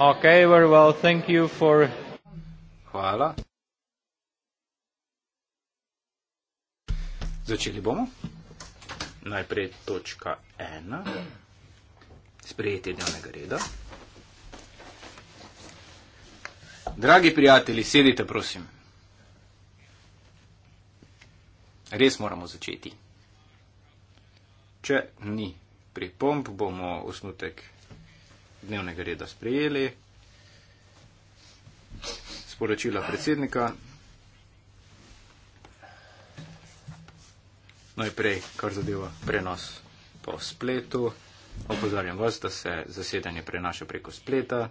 Okay, very well. Thank you for. Hvala. Začeli bomo. Najprej točka ena. Sprejetje dnevnega reda. Dragi prijatelji, sedite, prosim. Res moramo začeti. Če ni pripomb, bomo osnutek dnevnega reda sprejeli. Sporočila predsednika. Najprej, kar zadeva prenos po spletu. Opozarjam vas, da se zasedanje prenaša preko spleta.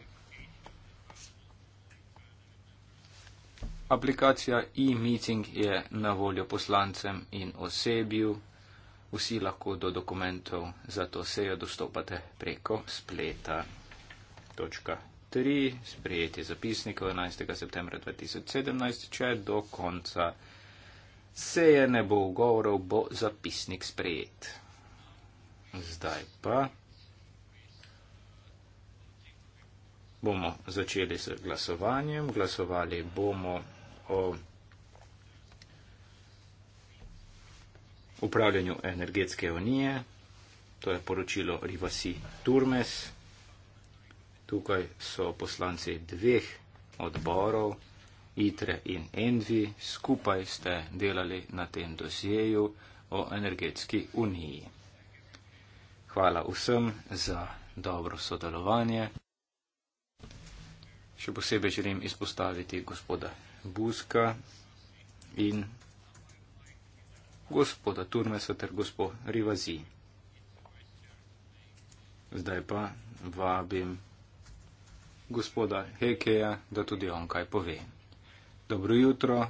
Aplikacija e-meeting je na voljo poslancem in osebju. Vsi lahko do dokumentov za to sejo dostopate preko spleta. 11.3, sprejeti zapisnik 11. septembra 2017, če do konca seje ne bo ugovorov, bo zapisnik sprejet. Zdaj pa bomo začeli s glasovanjem. Glasovali bomo o upravljanju energetske unije. To je poročilo Rivasi Turmes. Tukaj so poslanci dveh odborov, ITRE in ENVI, skupaj ste delali na tem dosjeju o energetski uniji. Hvala vsem za dobro sodelovanje. Še posebej želim izpostaviti gospoda Buska in gospoda Turmesa ter gospod Rivazi. Zdaj pa vabim gospoda Hekeja, da tudi on kaj pove. Dobro jutro.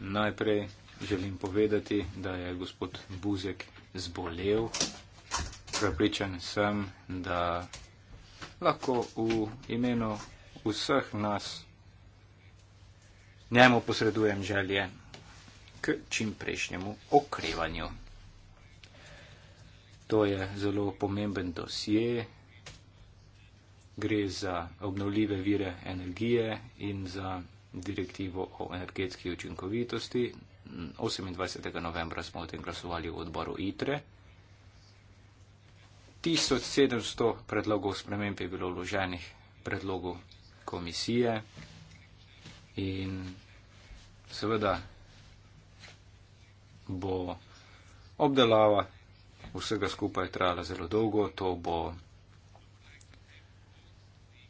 Najprej želim povedati, da je gospod Buzek zbolel. Prepričan sem, da lahko v imenu vseh nas njemu posredujem želje k čimprejšnjemu okrevanju. To je zelo pomemben dosje. Gre za obnovljive vire energije in za direktivo o energetski učinkovitosti. 28. novembra smo o tem glasovali v odboru ITRE. 1700 predlogov sprememb je bilo vloženih predlogu komisije in seveda bo obdelava vsega skupaj trajala zelo dolgo, to bo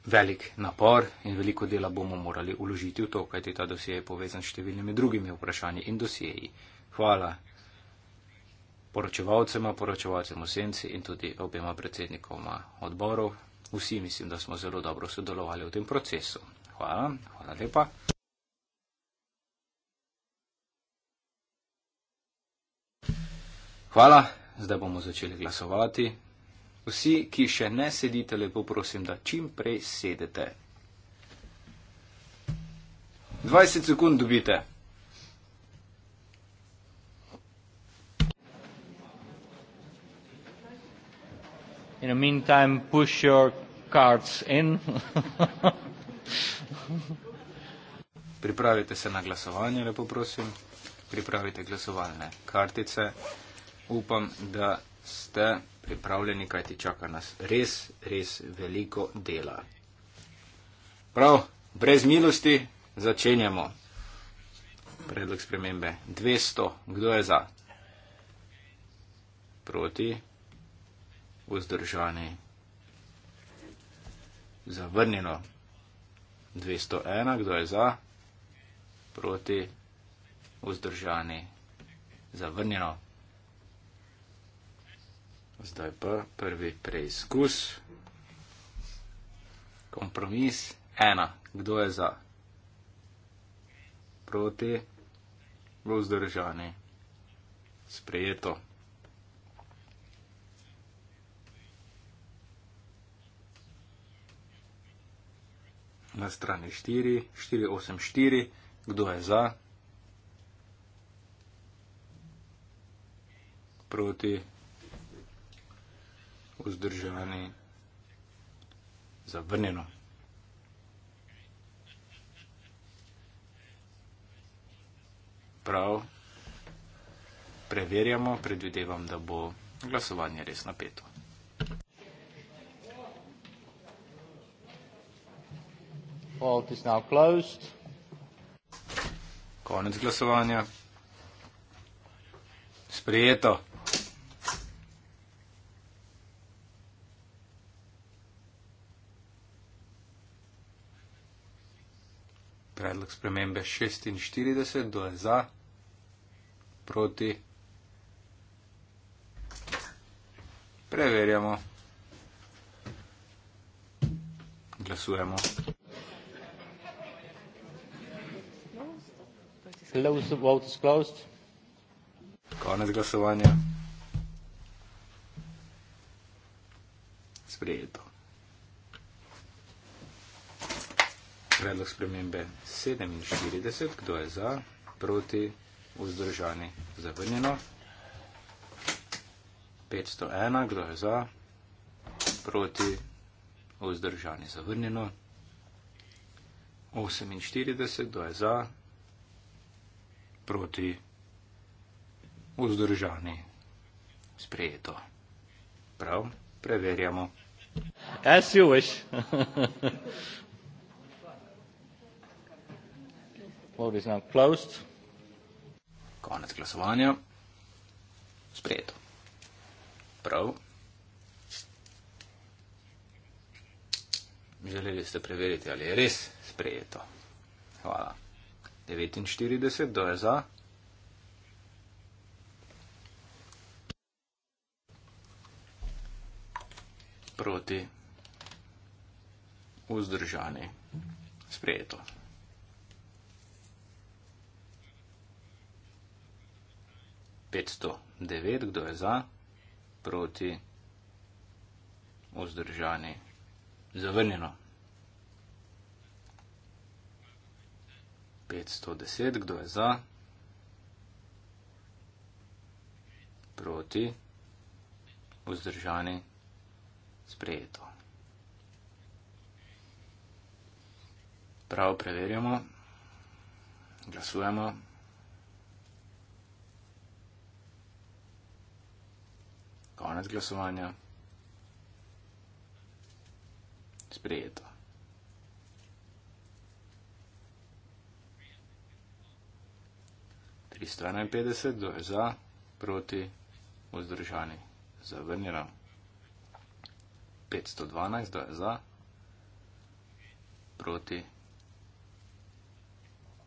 velik napor in veliko dela bomo morali uložiti v to, kajti ta dosje je povezan s številnimi drugimi vprašanji in dosjeji. Hvala poročevalcema, poročevalcem v senci in tudi obema predsednikoma odborov. Vsi mislim, da smo zelo dobro sodelovali v tem procesu. Hvala, hvala lepa. Hvala zdaj bomo začeli glasovati. Vsi, ki še ne sedite, lepo prosim, da čim prej sedete. 20 sekund dobite. In v meantime, push your cards in. Pripravite se na glasovanje, lepo prosim. Pripravite glasovalne kartice upam, da ste pripravljeni, kaj ti čaka nas res, res veliko dela. Prav, brez milosti začenjamo. Predlog spremembe 200. Kdo je za? Proti? Vzdržani? Zavrnjeno. 201. Kdo je za? Proti? Vzdržani? Zavrnjeno. Zdaj pa prvi preizkus. Kompromis ena. Kdo je za? Proti. Bo vzdržani. Sprejeto. Na strani 4, 4, 8, 4, kdo je za? Proti, vzdržani, zavrnjeno. Prav, preverjamo, predvidevam, da bo glasovanje res napeto. Konec glasovanja. Sprijeto. spremembe 46, kdo je za, proti. Preverjamo. Glasujemo. Konec glasovanja. Sprejeto. predlog spremembe 47. Kdo je za, proti, vzdržani, zavrnjeno? 501. Kdo je za, proti, vzdržani, zavrnjeno? 48. Kdo je za, proti, vzdržani, sprejeto. Prav, preverjamo. As you wish. Vote is now closed. Konec glasovanja. Sprejeto. Prav. Želeli ste preveriti, ali je res sprejeto. Hvala. 49, kdo je za? Proti. Vzdržani. Sprejeto. 509, kdo je za, proti, vzdržani, zavrnjeno. 510, kdo je za, proti, vzdržani, sprejeto. Prav preverjamo, glasujemo. Konec glasovanja. Sprejeto. Tristrana in petdeset, kdo je za, proti, vzdržani, zavrnjeno. Petsto dvanajst, kdo je za, proti,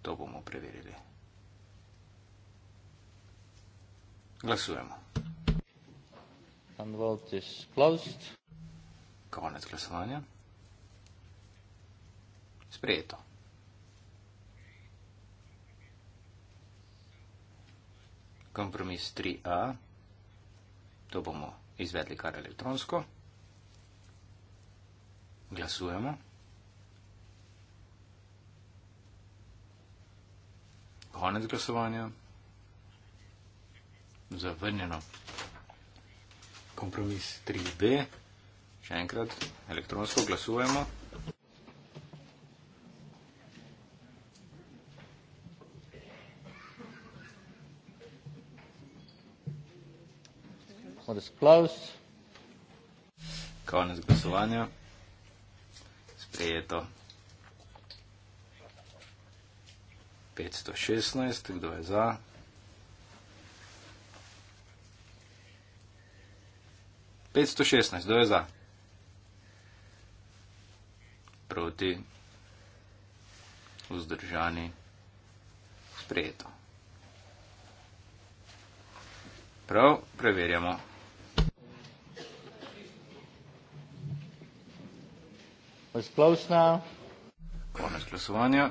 to bomo preverili. Glasujemo. And vote is closed. Konec glasovanja. Sprejeto. Kompromis 3a. To bomo izvedli kar elektronsko. Glasujemo. Konec glasovanja. Zavrnjeno kompromis 3D. Še enkrat, elektronsko glasujemo. Konec glasovanja. Sprejeto. 516, kdo je za? 516, kdo je za? Proti. Vzdržani. Sprejeto. Prav, preverjamo. Konec glasovanja.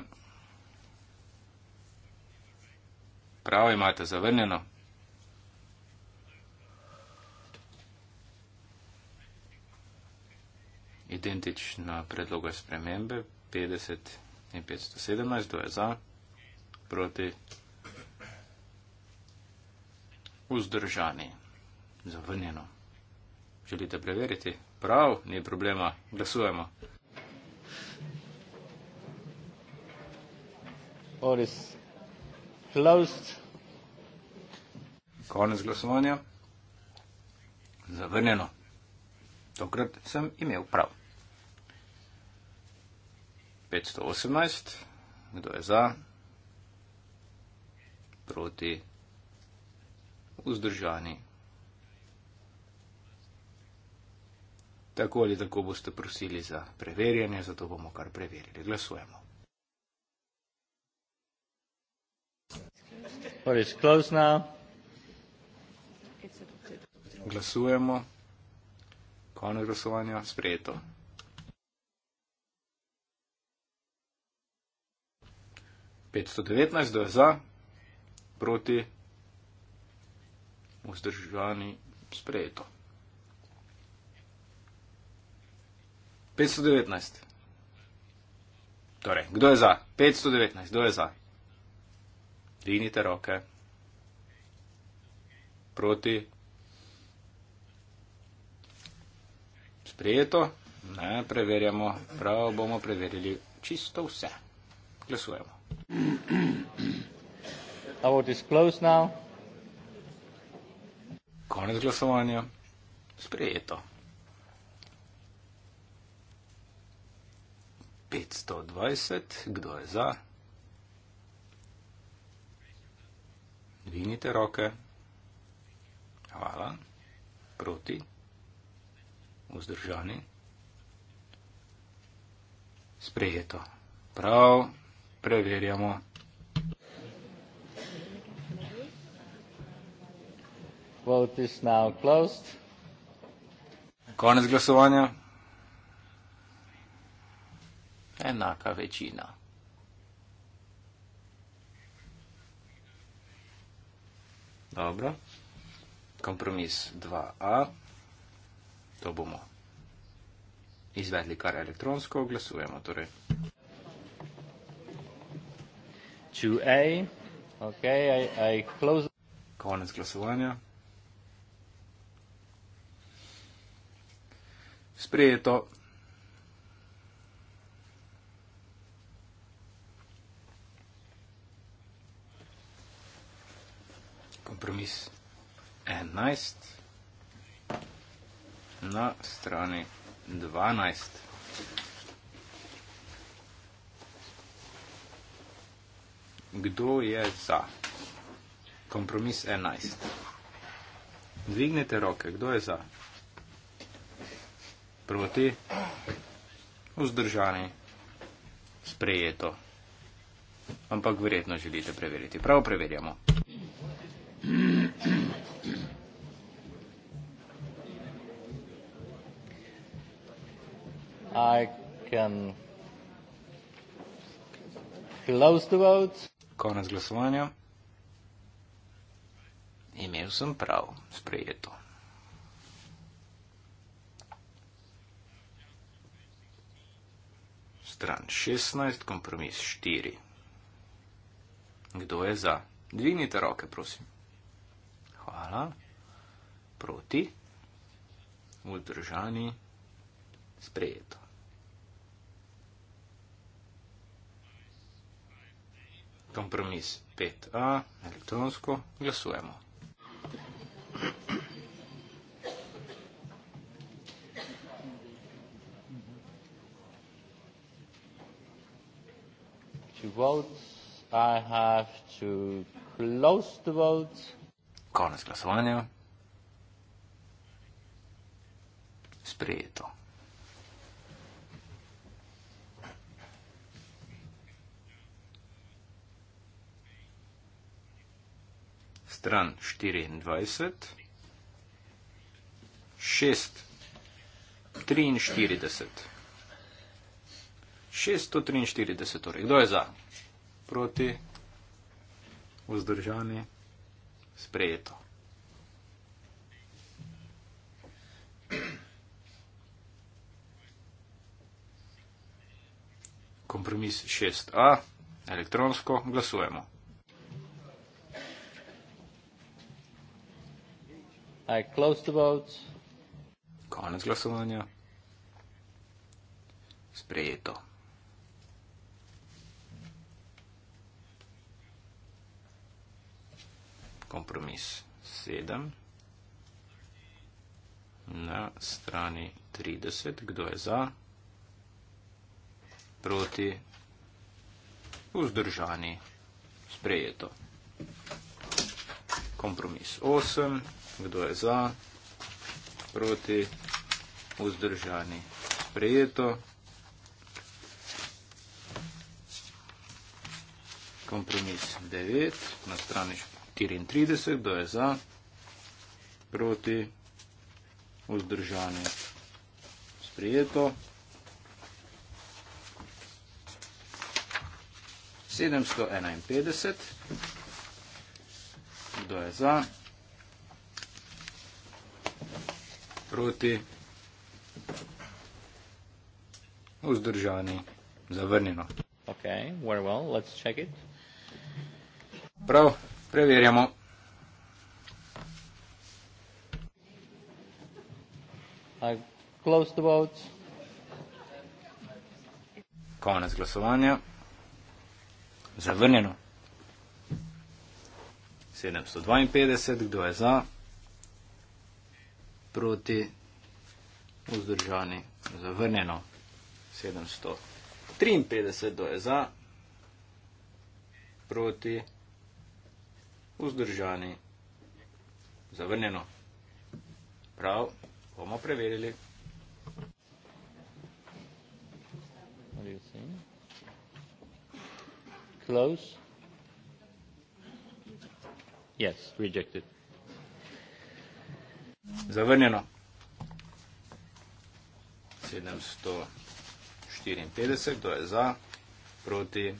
Prav imate zavrnjeno. identična predloga spremembe, 50 in 517, kdo je za, proti, vzdržani, zavrnjeno. Želite preveriti? Prav, ni problema, glasujemo. Konec glasovanja. Zavrnjeno. Tokrat sem imel prav. 518. Kdo je za? Proti? Vzdržani? Tako ali tako boste prosili za preverjanje, zato bomo kar preverili. Glasujemo. Glasujemo. Konec glasovanja. Sprejeto. 519, da je za, proti, vzdržani, sprejeto. 519. Torej, kdo je za? 519, kdo je za? Dignite roke. Proti. Sprijeto. Ne, preverjamo. Prav bomo preverili čisto vse. Glasujemo. Konec glasovanja. Sprejeto. 520, kdo je za? Dvignite roke. Hvala. Proti. Vzdržani. Sprejeto. Prav preverjamo. Vote is now closed. Konec glasovanja. Enaka večina. Dobro. Kompromis 2a. To bomo izvedli kar elektronsko. Glasujemo torej. 2A, ok, I, I close. Konec glasovanja. Sprejeto. Kompromis 11 na strani 12. kdo je za? Kompromis 11. Dvignite roke, kdo je za? Prvo ti, vzdržani, sprejeto. Ampak verjetno želite preveriti. Prav preverjamo. I can close the vote. Konec glasovanja. Imel sem prav, sprejeto. Stran 16, kompromis 4. Kdo je za? Dvignite roke, prosim. Hvala. Proti. Vzdržani. Sprejeto. kompromis 5a elektronsko glasujemo. Konec glasovanja. Sprejeto. stran 24, 6, 43. 643, torej kdo je za? Proti, vzdržani, sprejeto. Kompromis 6a, elektronsko glasujemo. I close the vote. Konec glasovanja. Sprejeto. Kompromis 7. Na strani 30. Kdo je za? Proti? Vzdržani? Sprejeto. Kompromis 8 kdo je za, proti, vzdržani. Sprejeto. Kompromis 9 na strani 34, kdo je za, proti, vzdržani. Sprejeto. 751. Kdo je za? proti, vzdržani, zavrnjeno. Ok, very well, let's check it. Prav, preverjamo. I close the vote. Konec glasovanja. Zavrnjeno. 752, kdo je za? proti vzdržani zavrnjeno 753 do je za proti vzdržani zavrnjeno. Prav, bomo preverili. Close? Yes, rejected zavrnjeno. 754, kdo je za, proti,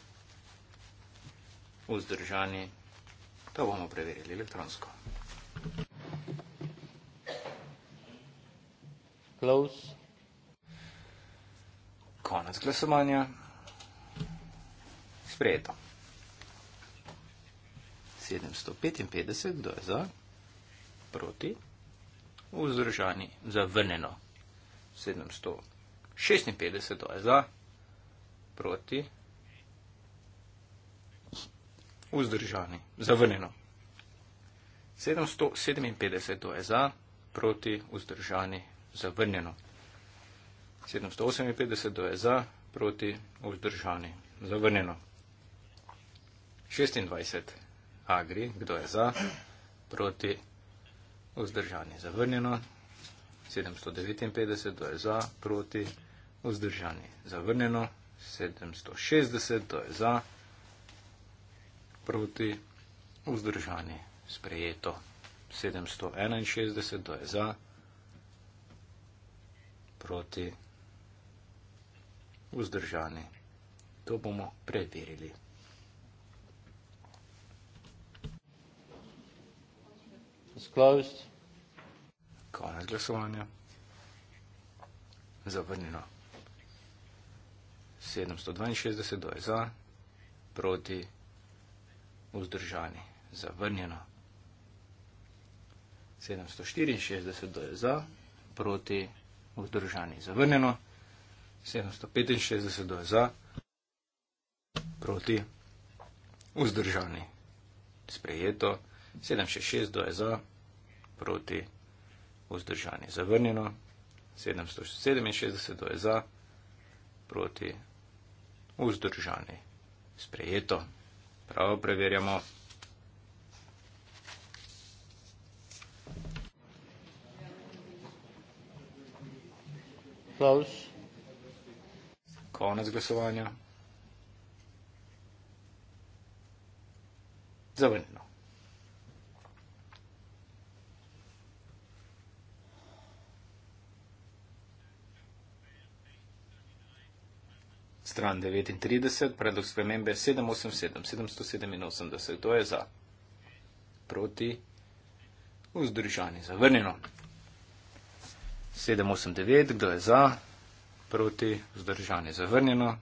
vzdržani, to bomo preverili elektronsko. Close. Konec glasovanja. Sprejeto. 755, kdo je za, proti, vzdržani vzdržani zavrnjeno. 756 to je za, proti, vzdržani zavrnjeno. 757 to je za, proti, vzdržani zavrnjeno. 758 to je za, proti, vzdržani zavrnjeno. 26 agri, kdo je za, proti, vzdržani zavrnjeno vzdržan je zavrnjeno, 759, to je za, proti, vzdržan je zavrnjeno, 760, to je za, proti, vzdržan je sprejeto, 761, to je za, proti, vzdržan je, to bomo preverili. is closed. Konec glasovanja. Zavrnjeno. 762 do je za, proti, vzdržani. Zavrnjeno. 764 do je za, proti, vzdržani. Zavrnjeno. 765 do je za, proti, vzdržani. Sprejeto. 766 do je za, proti vzdržanje zavrnjeno, 767 do je za, proti vzdržanje sprejeto. Prav preverjamo. Konec glasovanja. Zavrnjeno. stran 39, predlog spremembe 787, 787, to je za, proti, vzdržani, zavrnjeno. 789, kdo je za, proti, vzdržani, zavrnjeno.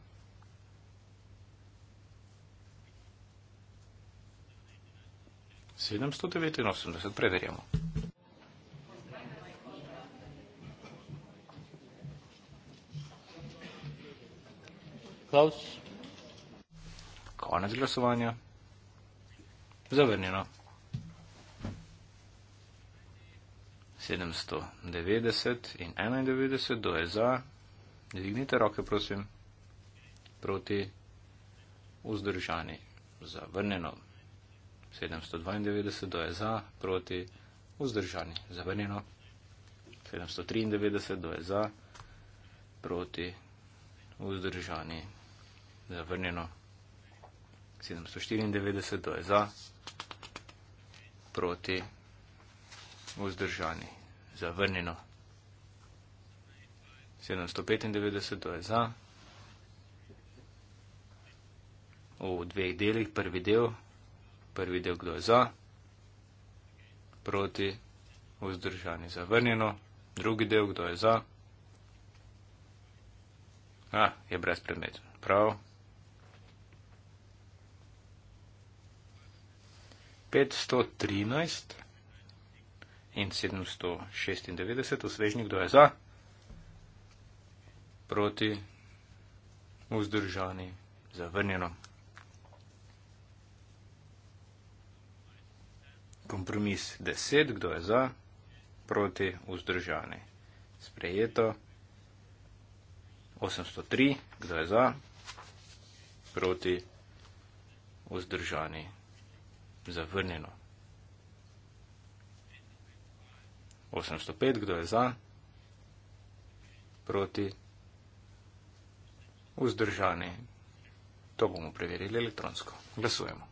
Sedemsto devetinosemdeset, preverjamo. Klaus? Konec glasovanja. Zavrnjeno. 790 in 91, kdo je za? Dvignite roke, prosim. Proti vzdržani. Zavrnjeno. 792, kdo je za? Proti vzdržani. Zavrnjeno. 793, kdo je za? Proti vzdržani vzdržani, zavrnjeno 794, to je za, proti, vzdržani, zavrnjeno 795, to je za, v dveh delih, prvi del, prvi del, kdo je za, proti, vzdržani, zavrnjeno, drugi del, kdo je za, proti, vzdržani, zavrnjeno, A, je brezpredmeten. Prav. Petsto trinajst in sedemsto šestindevetdeset osvežnik, kdo je za? Proti, vzdržani, zavrnjeno. Kompromis deset, kdo je za? Proti, vzdržani, sprejeto. 803, kdo je za, proti, vzdržani, zavrnjeno. 805, kdo je za, proti, vzdržani. To bomo preverili elektronsko. Glasujemo.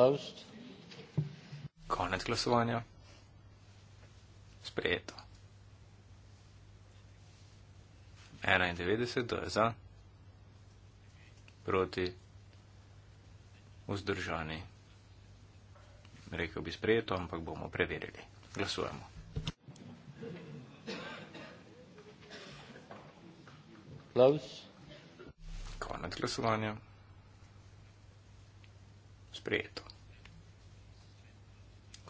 Opposed? Konec glasovanja. Sprejeto. 91, to je za. Proti. Vzdržani. Rekel bi sprejeto, ampak bomo preverili. Glasujemo. Close. Konec glasovanja. Sprejeto.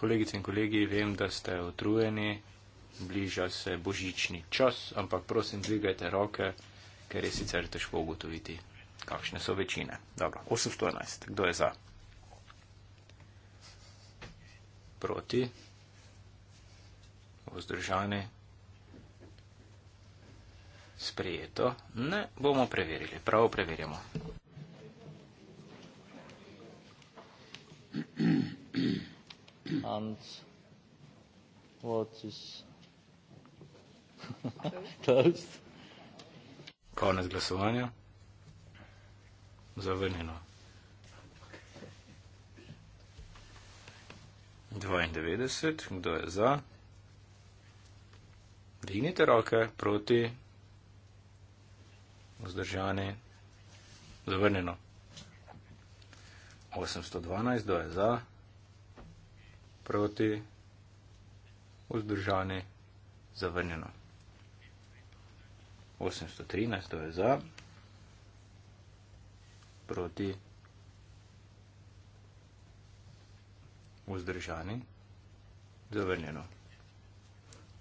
Kolegice in kolegi, vem, da ste otrujeni, bliža se božični čas, ampak prosim, dvigajte roke, ker je sicer težko ugotoviti, kakšne so večine. Dobro, 811. Kdo je za? Proti? Vzdržani? Sprejeto? Ne, bomo preverili. Prav preverjamo. and what is closed. Konec glasovanja. Zavrnjeno. 92. Kdo je za? Dignite roke proti. Vzdržani. Zavrnjeno. 812. Kdo je za? proti, vzdržani, zavrnjeno. 813, to je za, proti, vzdržani, zavrnjeno.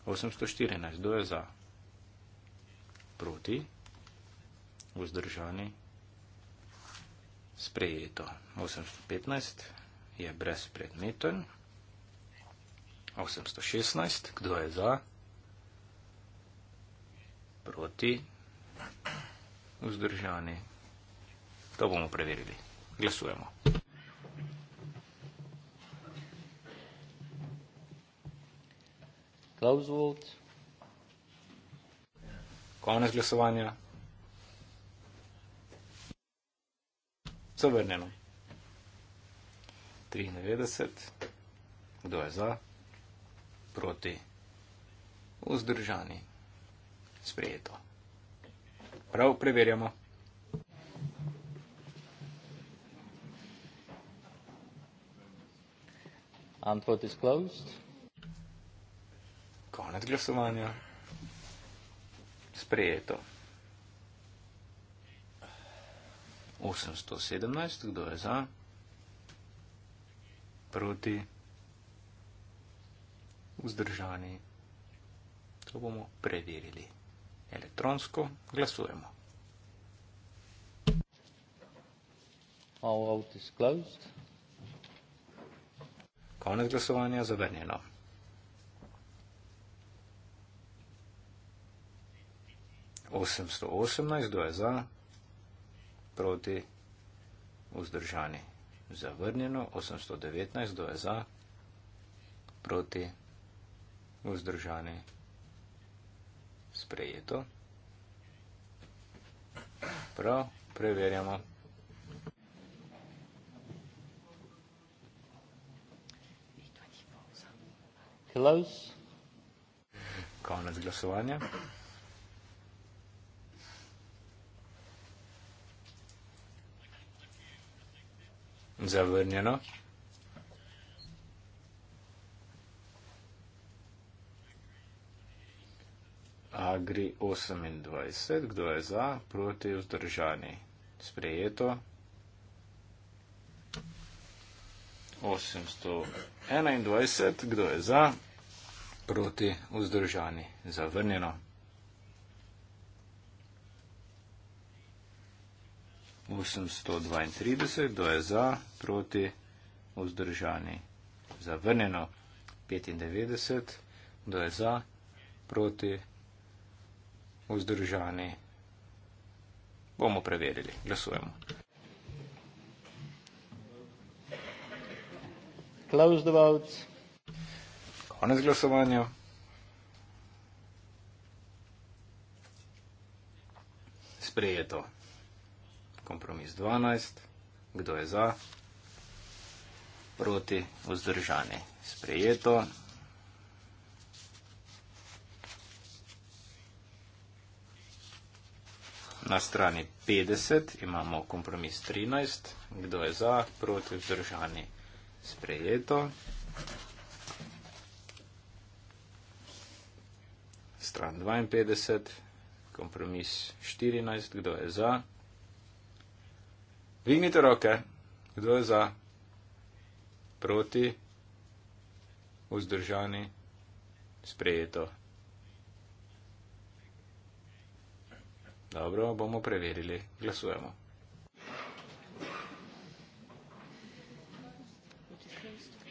814, to je za, proti, vzdržani, sprejeto. 815 je brezpredmeten. 816. Kdo je za? Proti? Vzdržani? To bomo preverili. Glasujemo. Klauzvold. Konec glasovanja. Zavrnjeno. 93. Kdo je za? proti, vzdržani, sprejeto. Prav, preverjamo. Antwort is closed. Konec glasovanja. Sprejeto. 817, kdo je za? Proti vzdržani. To bomo preverili. Elektronsko glasujemo. Konec glasovanja zavrnjeno. Osemsto osemnajst, kdo je za, proti, vzdržani, zavrnjeno, osemsto devetnajst, kdo je za, proti, vzdržani vzdržane, sprejeto. Prav, preverjamo. Close. Konec glasovanja. Zavrnjeno. Agri 28, kdo je za, proti vzdržani. Sprejeto. 821, kdo je za, proti vzdržani. Zavrnjeno. Osemsto dvaintrideset, kdo je za, proti, vzdržani, zavrnjeno, petindevetdeset, kdo je za, proti, vzdržani. Bomo preverili. Glasujemo. Close the votes. Konec glasovanja. Sprejeto. Kompromis 12. Kdo je za? Proti vzdržani. Sprejeto. Na strani 50 imamo kompromis 13. Kdo je za, proti, vzdržani, sprejeto. Stran 52, kompromis 14. Kdo je za? Dvignite roke. Kdo je za, proti, vzdržani, sprejeto. Dobro, bomo preverili. Glasujemo.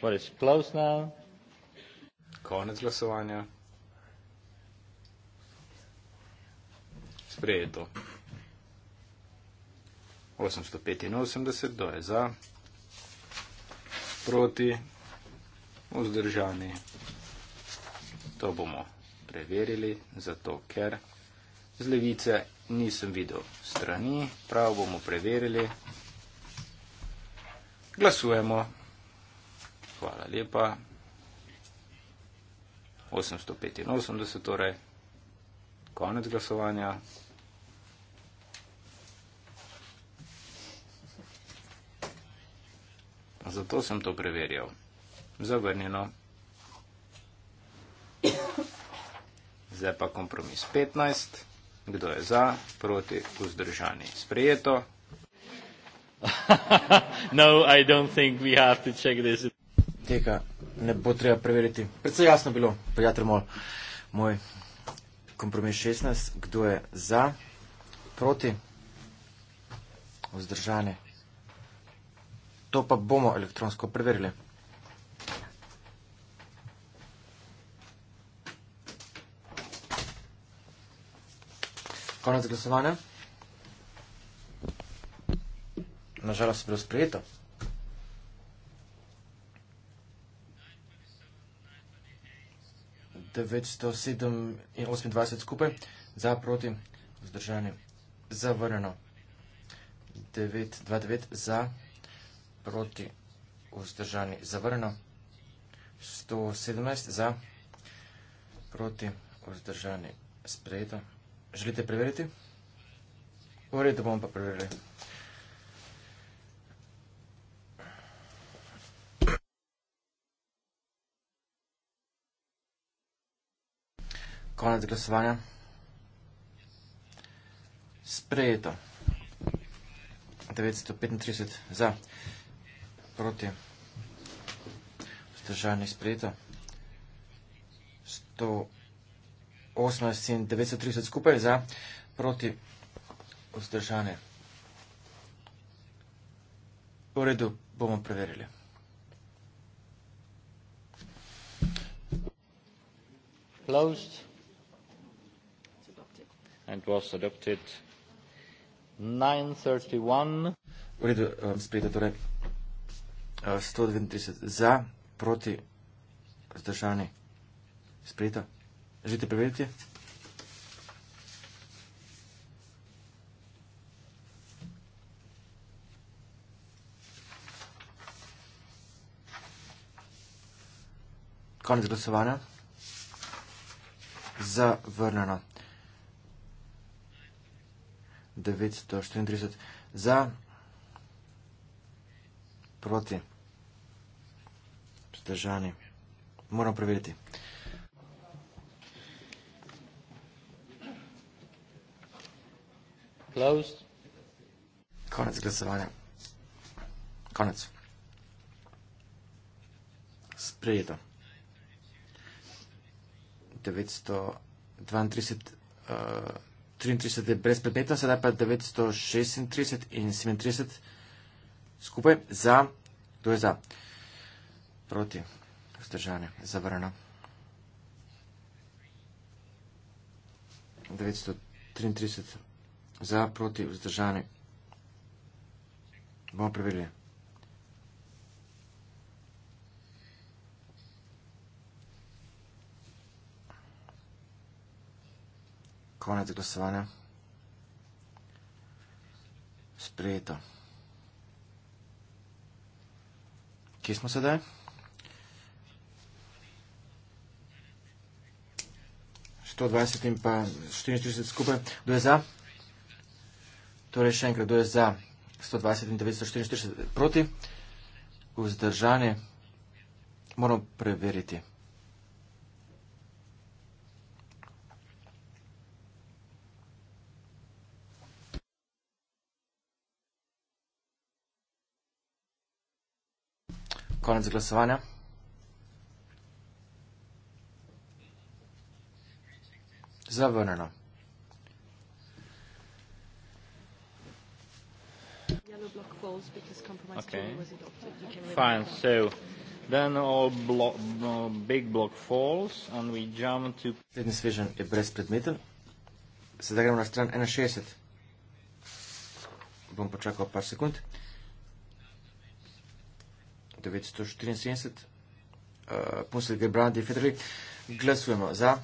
What is close now? Konec glasovanja. Sprejeto. 885 do je za, proti, vzdržani. To bomo preverili, zato ker z levice nisem videl strani, prav bomo preverili. Glasujemo. Hvala lepa. 885 torej. Konec glasovanja. Zato sem to preverjal. Zavrnjeno. Zdaj pa kompromis 15. Kdo je za, proti, vzdržani? Sprejeto. no, I don't think we have to check this. Tega ne bo treba preveriti. Predvsej jasno bilo, prijatelj moj, moj kompromis 16, kdo je za, proti, vzdržane. To pa bomo elektronsko preverili. konec glasovanja? Nažalost, bilo sprejeto. Devetsto sedem in osemindvajset skupaj, za proti, vzdržanje, zavrnjeno. Devet, dva, devet, za proti, vzdržanje, zavrnjeno. Sto sedemnajst, za proti, vzdržanje, sprejeto. Želite preveriti? Vrej, da bomo pa preverili. Konec glasovanja. Sprejeto. 935 za. Proti. Vzdržanje sprejeto. 100. 18 in 930 skupaj za proti vzdržane. V redu bomo preverili. Closed and was adopted 931. V redu um, eh, sprejeta torej 139 eh, za proti vzdržani sprejeta. Želite preveriti? Konec glasovanja. Zavrnjeno. 934. Za. Proti. Zdržani. Moram preveriti. Closed. Konec glasovanja. Konec. Sprejeto. 932, uh, 33 je brez predmeta, sedaj pa 936 in 37 skupaj za, kdo je za, proti, vzdržanje, zavrano. 933 za proti vzdržane. Bomo preverili. Konec glasovanja. Sprejeto. Kje smo sedaj? Sto dvajset in pa štiriinštirideset skupaj. Kdo je za? Torej, še enkrat, kdo je za 120 in 944 proti, vzdržanje moramo preveriti. Konec glasovanja. Zavrnjeno. No okay. Fine. So then all block all no big block falls and we jump to fitness vision je brezpredmeten. Sedaj gremo na stran 61. Bom počakal par sekund. 974. Uh, Posled Gebrandi Federli. Glasujemo za,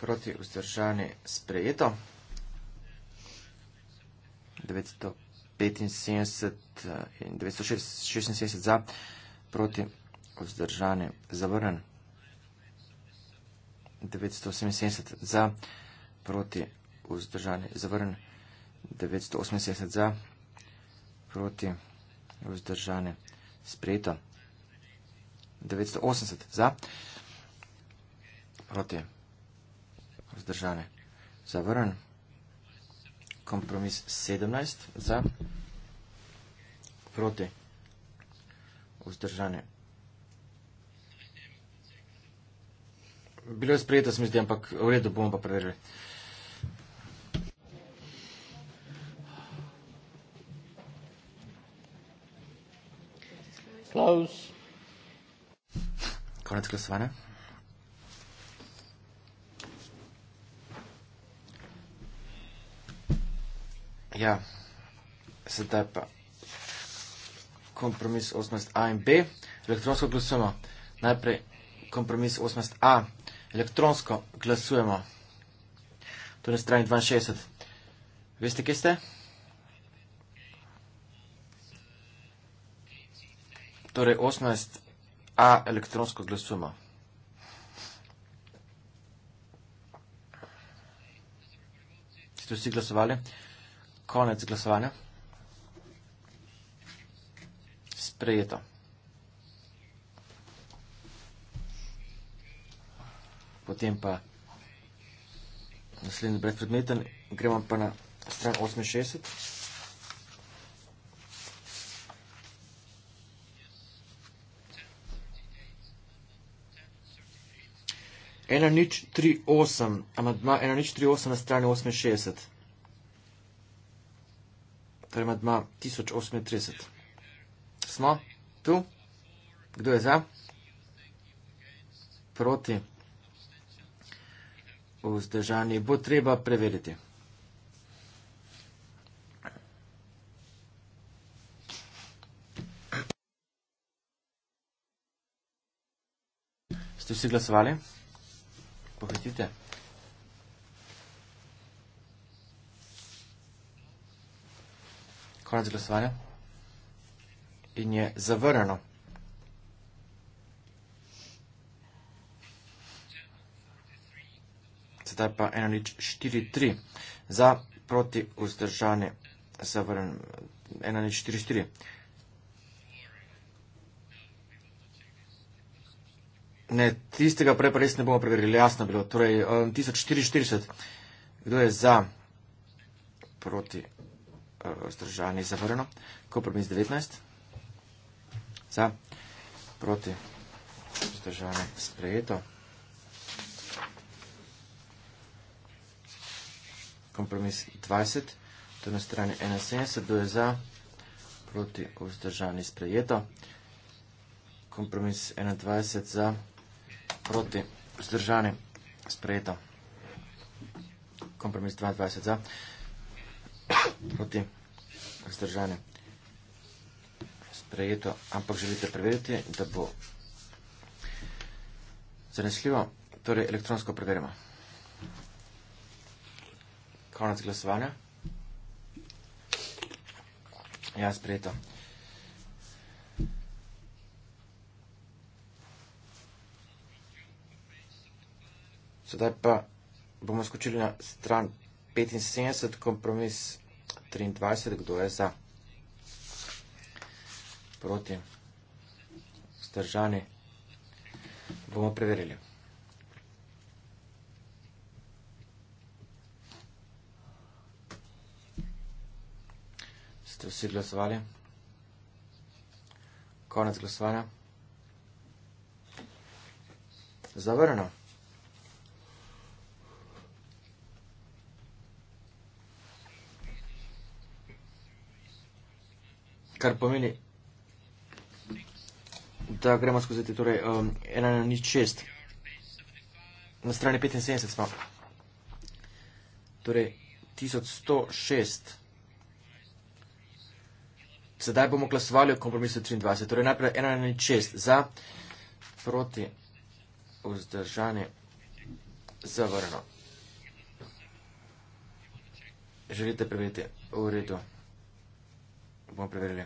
proti, vzdržani, sprejeto. 900. 976 za, proti vzdržane, zavrnen. 977 za, proti vzdržane, zavrnen. 978 za, proti vzdržane, sprejeto. 980 za, proti vzdržane, zavrnen kompromis 17 za proti vzdržanje. Bilo je sprejeto, se mi zdi, ampak v redu bomo pa preverili. Klaus. Konec glasovanja. Ja, sedaj pa kompromis 18a in b. Elektronsko glasujemo. Najprej kompromis 18a. Elektronsko glasujemo. To je na strani 62. Veste, kje ste? Torej, 18a elektronsko glasujemo. Ste vsi glasovali? konec glasovanja. Sprejeto. Potem pa naslednji brezpredmeten, gremo pa na stran 68. Ena nič tri osem, amadma ena nič tri osem na strani osemšestdeset torej ima 1038. Smo tu? Kdo je za? Proti? Vzdržani bo treba preveriti. Ste vsi glasovali? Pohitite. konec glasovanja in je zavrano. Sedaj pa eno nič 4-3 za proti vzdržanje zavrn eno nič 4-4. Ne, tistega prej pa res ne bomo preverili, jasno bilo. Torej, 1044, um, kdo je za proti Eh, vzdržani, zavrno. Kompromis 19. Za, proti, vzdržani, sprejeto. Kompromis 20. To je na strani 71, to je za, proti, vzdržani, sprejeto. Kompromis 21 za, proti, vzdržani, sprejeto. Kompromis 22 za proti vzdržanju sprejeto, ampak želite preveriti, da bo zanesljivo, torej elektronsko preverimo. Konec glasovanja. Ja, sprejeto. Sedaj pa bomo skočili na stran 75, kompromis 23, kdo je za. Proti. Stržani. Bomo preverili. Ste vsi glasovali? Konec glasovanja. Zavrnjeno. kar pomeni, da gremo skozi te torej, um, 1 na nič 6. Na strani 75 smo. Torej, 1106. Sedaj bomo glasovali o kompromisu 23. Torej, najprej 1 na nič 6 za, proti, vzdržanje, zavrno. Želite preveriti? V redu bomo preverili.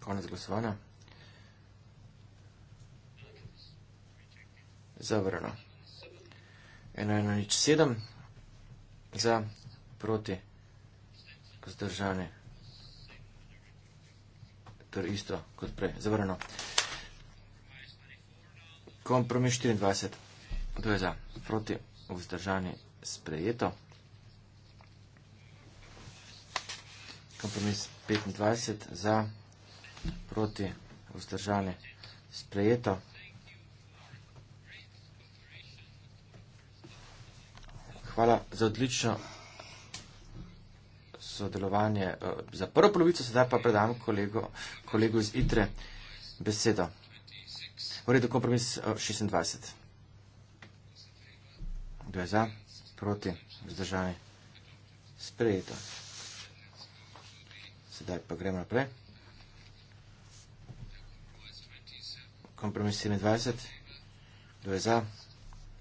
Konec glasovanja. Zavrano. 1107 za proti zdržanje. Torej isto kot prej. Zavrano. Kompromis 24. Kdo je za? Proti vzdržanje sprejeto. kompromis 25 za proti vzdržanje sprejeto. Hvala za odlično sodelovanje eh, za prvo polovico, sedaj pa predam kolego, kolegu iz ITRE besedo. V redu kompromis 26. Eh, Kdo je za, proti, vzdržanje sprejeto. Sedaj pa gremo naprej. Kompromis 27. Kdo je za?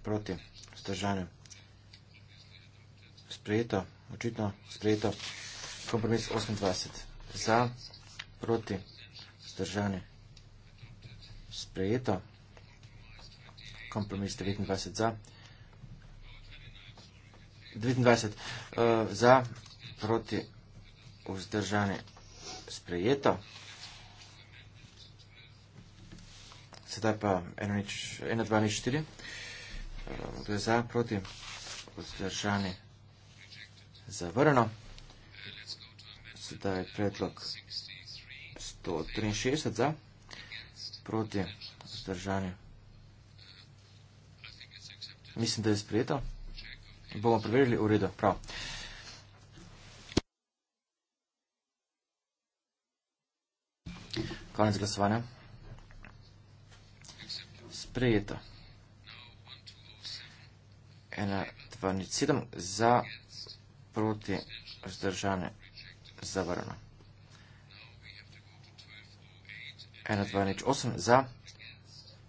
Proti? Vzdržanje? Sprejeto? Očitno sprejeto. Kompromis 28. Za? Proti? Vzdržanje? Sprejeto? Kompromis 29. Za? 29. Uh, eh, za? Proti? vzdržane sprejeto. Sedaj pa 1.2.4. Ehm, kdo je za, proti, vzdržane, zavrno. Sedaj je predlog 163 za, proti, vzdržane. Mislim, da je sprejeto. Bomo preverili, v redu, prav. Konec glasovanja. Sprejeto. 1, 2, 0, 7. Za, proti, vzdržane, zavrano. 1, 2, 0, 8. Za,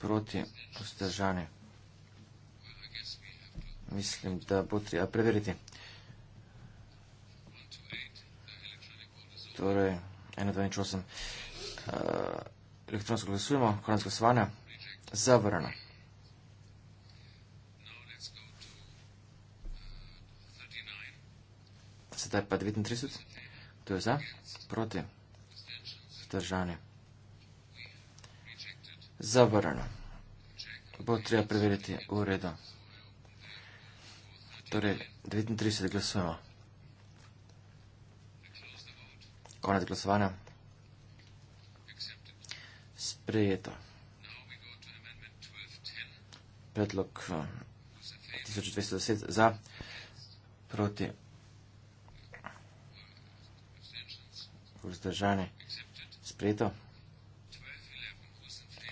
proti, vzdržane. Mislim, da bo treba preveriti. Torej, 1, 2, 0, 8. Eh, elektronsko glasujemo, konec glasovanja, zavrano. Sedaj pa 39, to je za, proti, zdržanje, zavrano. Bo treba preveriti v redu. Torej, 39 glasujemo. Konec glasovanja sprejeta. Predlog 1210 eh, za proti vzdržanje sprejeto.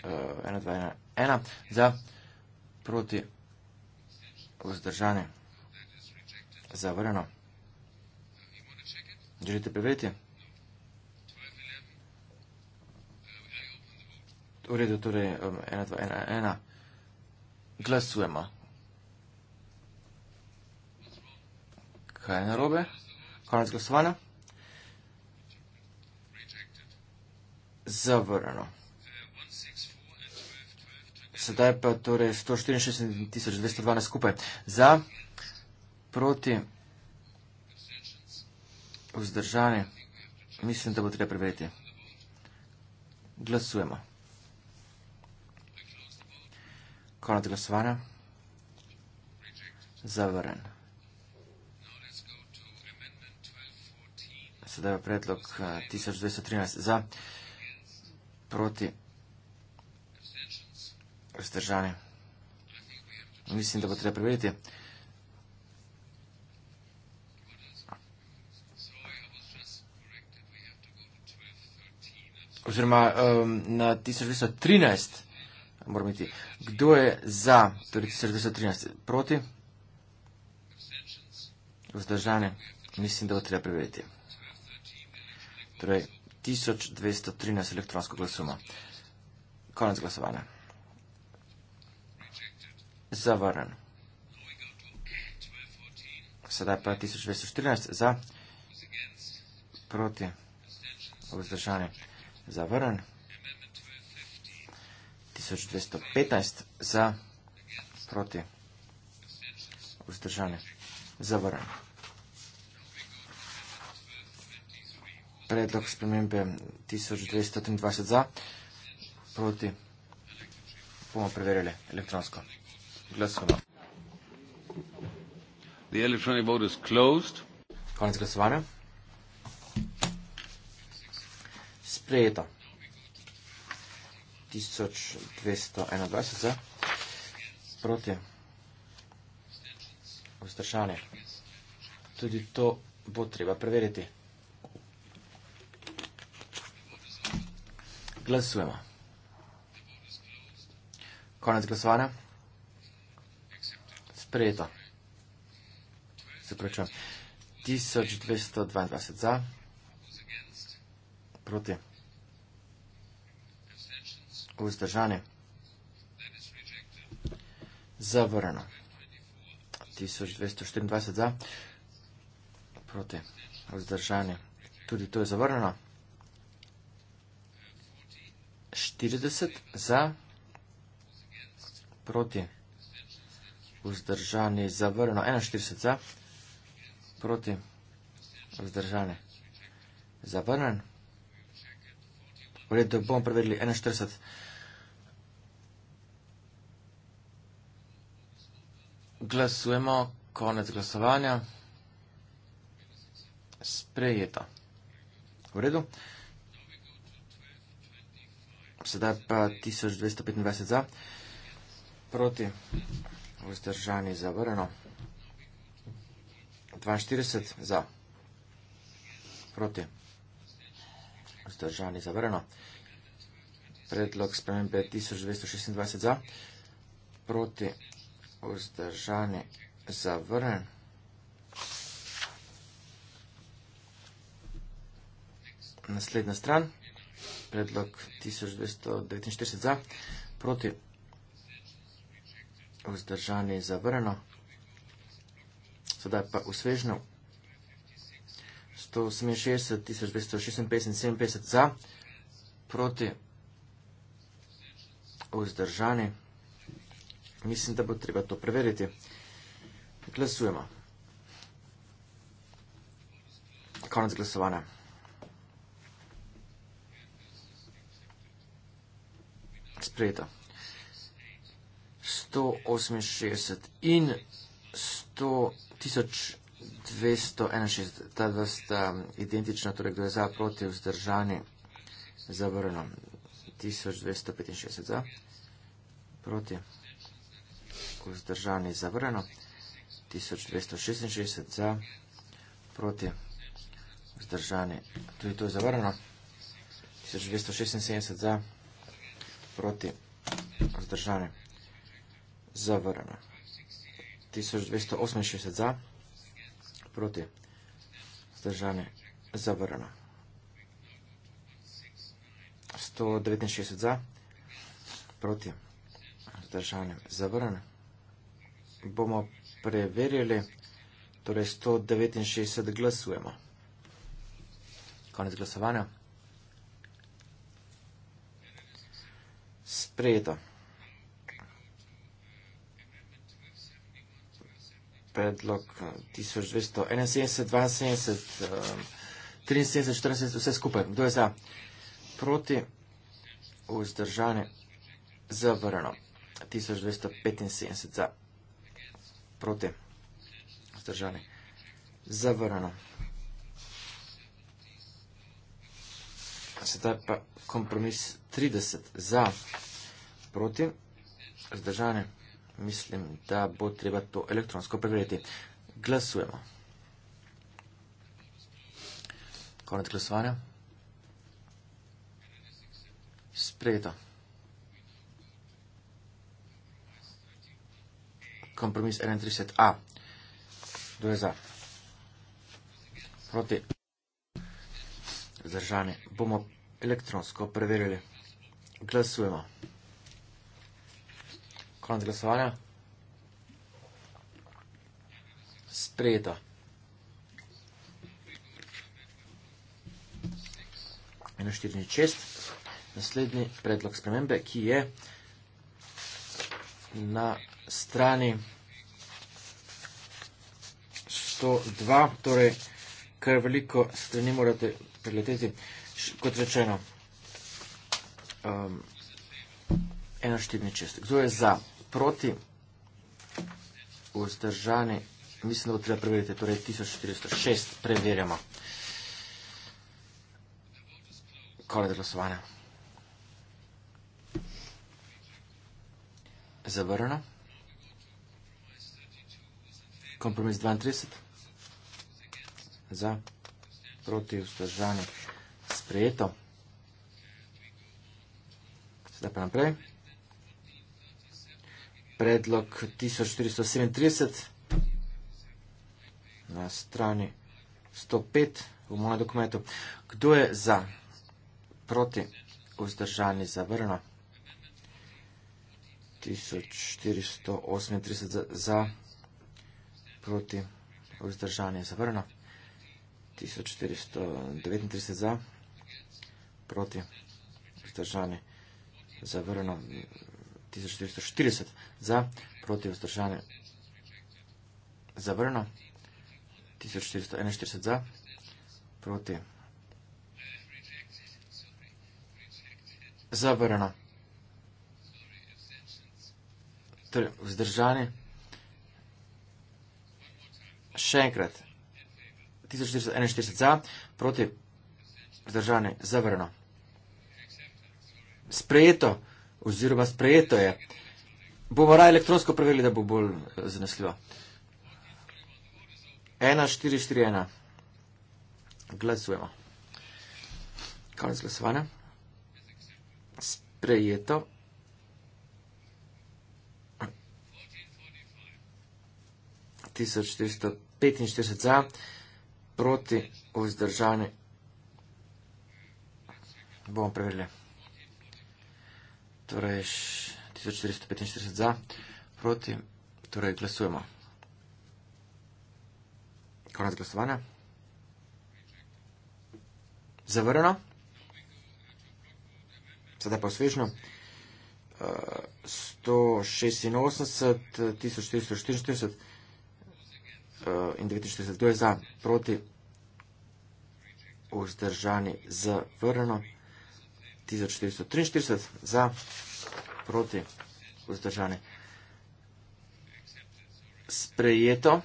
Uh, 1, 2, 1, 1 za proti vzdržanje zavrjeno. Želite preveriti? V redu, torej um, ena, dva, ena, ena. Glasujemo. Kaj je narobe? Konec glasovanja. Zavrano. Sedaj pa torej 164.212 skupaj. Za, proti, vzdržanje. Mislim, da bo treba preveriti. Glasujemo. Konec glasovanja. Zavrnen. Sedaj je predlog 1213 eh, za, proti, vzdržani. Mislim, da bo treba preveriti. Oziroma um, na 1213 moramo biti. Kdo je za, torej 1913, proti? Vzdržane, mislim, da bo treba preveriti. Torej, 1213 elektronsko glasoma. Konec glasovanja. Zavrnen. Sedaj pa 1214 za, proti, vzdržane, zavrnen. 2215 za proti vzdržane zavarane. Predlog spremembe 1223 za proti bomo preverili elektronsko glasovanje. The electronic vote is closed. Konec glasovanja. Sprejeto. 1221 proti vzdržanje. Tudi to bo treba preveriti. Glasujemo. Konec glasovanja. Sprejeto. Zapračujem. 1222 za. Proti vzdržane. Zavrano. 1224 za, proti vzdržane. Tudi to je zavrano. 40 za, proti vzdržane. Zavrano. 41 za, proti vzdržane. Zavrnen. V redu, bomo preverili 41. Glasujemo. Konec glasovanja. Sprejeto. V redu. Sedaj pa 1225 za. Proti. Vzdržani zavrjeno. 42 za. Proti. Vzdržani zavrjeno. Predlog spremembe 1226 za. Proti vzdržani, zavrn. Naslednja stran, predlog 1249 za, proti, vzdržani, zavrno. Sedaj pa usvežno. 168, 1256, 57 za, proti, vzdržani. Mislim, da bo treba to preveriti. Glasujemo. Konec glasovanja. Sprejeto. 168 in 100.261. Ta dva sta um, identična, torej kdo je za, proti, vzdržani, zavrnjeno. 1265 za, proti. Vsako zdržanje je zavrano. 1266 za, proti zdržanje. Tudi to je zavrano. 1276 za, proti zdržanje. Zavrano. 1268 za, proti zdržanje. Zavrano. 169 za, proti zdržanje. Zavrano bomo preverili. Torej 169 glasujemo. Konec glasovanja. Sprejeto. Predlog 1271, 72, 73, 74, vse skupaj. Kdo je za? Proti. Vzdržanje. Zavrno. 1275 za. Proti. Zdržani. Zavrano. Sedaj pa kompromis 30. Za. Proti. Zdržani. Mislim, da bo treba to elektronsko preveriti. Glasujemo. Konec glasovanja. Sprejeto. kompromis 31a. Kdo je za? Proti. Zdržane. Bomo elektronsko preverili. Glasujemo. Konec glasovanja. Sprejeto. Eno štirni čest. Naslednji predlog spremembe, ki je na strani 102, torej kar veliko strani morate preleteti. Kot rečeno, um, 146. Kdo je za, proti, vzdržani? Mislim, da bo treba preveriti, torej 1406 preverjamo. Kolej glasovanja. Zavrno. Kompromis 32 za proti vzdržanje sprejeto. Sedaj pa naprej. Predlog 1437 na strani 105 v mojem dokumentu. Kdo je za proti vzdržanje zavrno? 1438 za, za proti vzdržanje zavrno. 1439 za, proti, vzdržane, zavrno, 1440 za, proti, vzdržane, zavrno, 1441 za, proti, zavrno, torej, vzdržane, še enkrat, 1441 za, 1441 za, proti zdržane zavrno. Sprejeto oziroma sprejeto je. Bomo raje elektronsko preverili, da bo bolj eh, zanesljivo. 1441. Glasujemo. Konec glasovanja. Sprejeto. Tisoč štiristo petinštirideset za, proti vzdržani. Bomo preverili. Torej, 1445 za, proti, torej glasujemo. Konec glasovanja. Zavrljeno. Sedaj pa osvežno. 186, 1444 uh, in 49, kdo je za, proti, vzdržani, zavrnjeno, 1443 za, proti, vzdržani, sprejeto,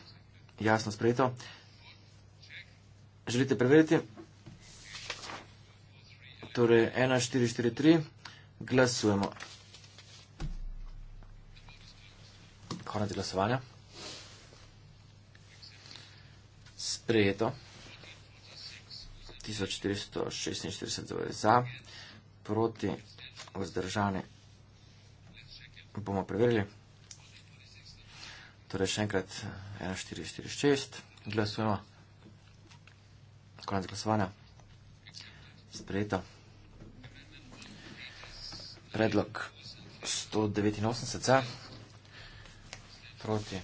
jasno sprejeto. Želite preveriti? Torej, 1443, glasujemo. Konec glasovanja. sprejeto. 1446 za, proti vzdržane bomo preverili. Torej še enkrat 1446, glasujemo. Konec glasovanja. Sprejeto. Predlog 189 za, proti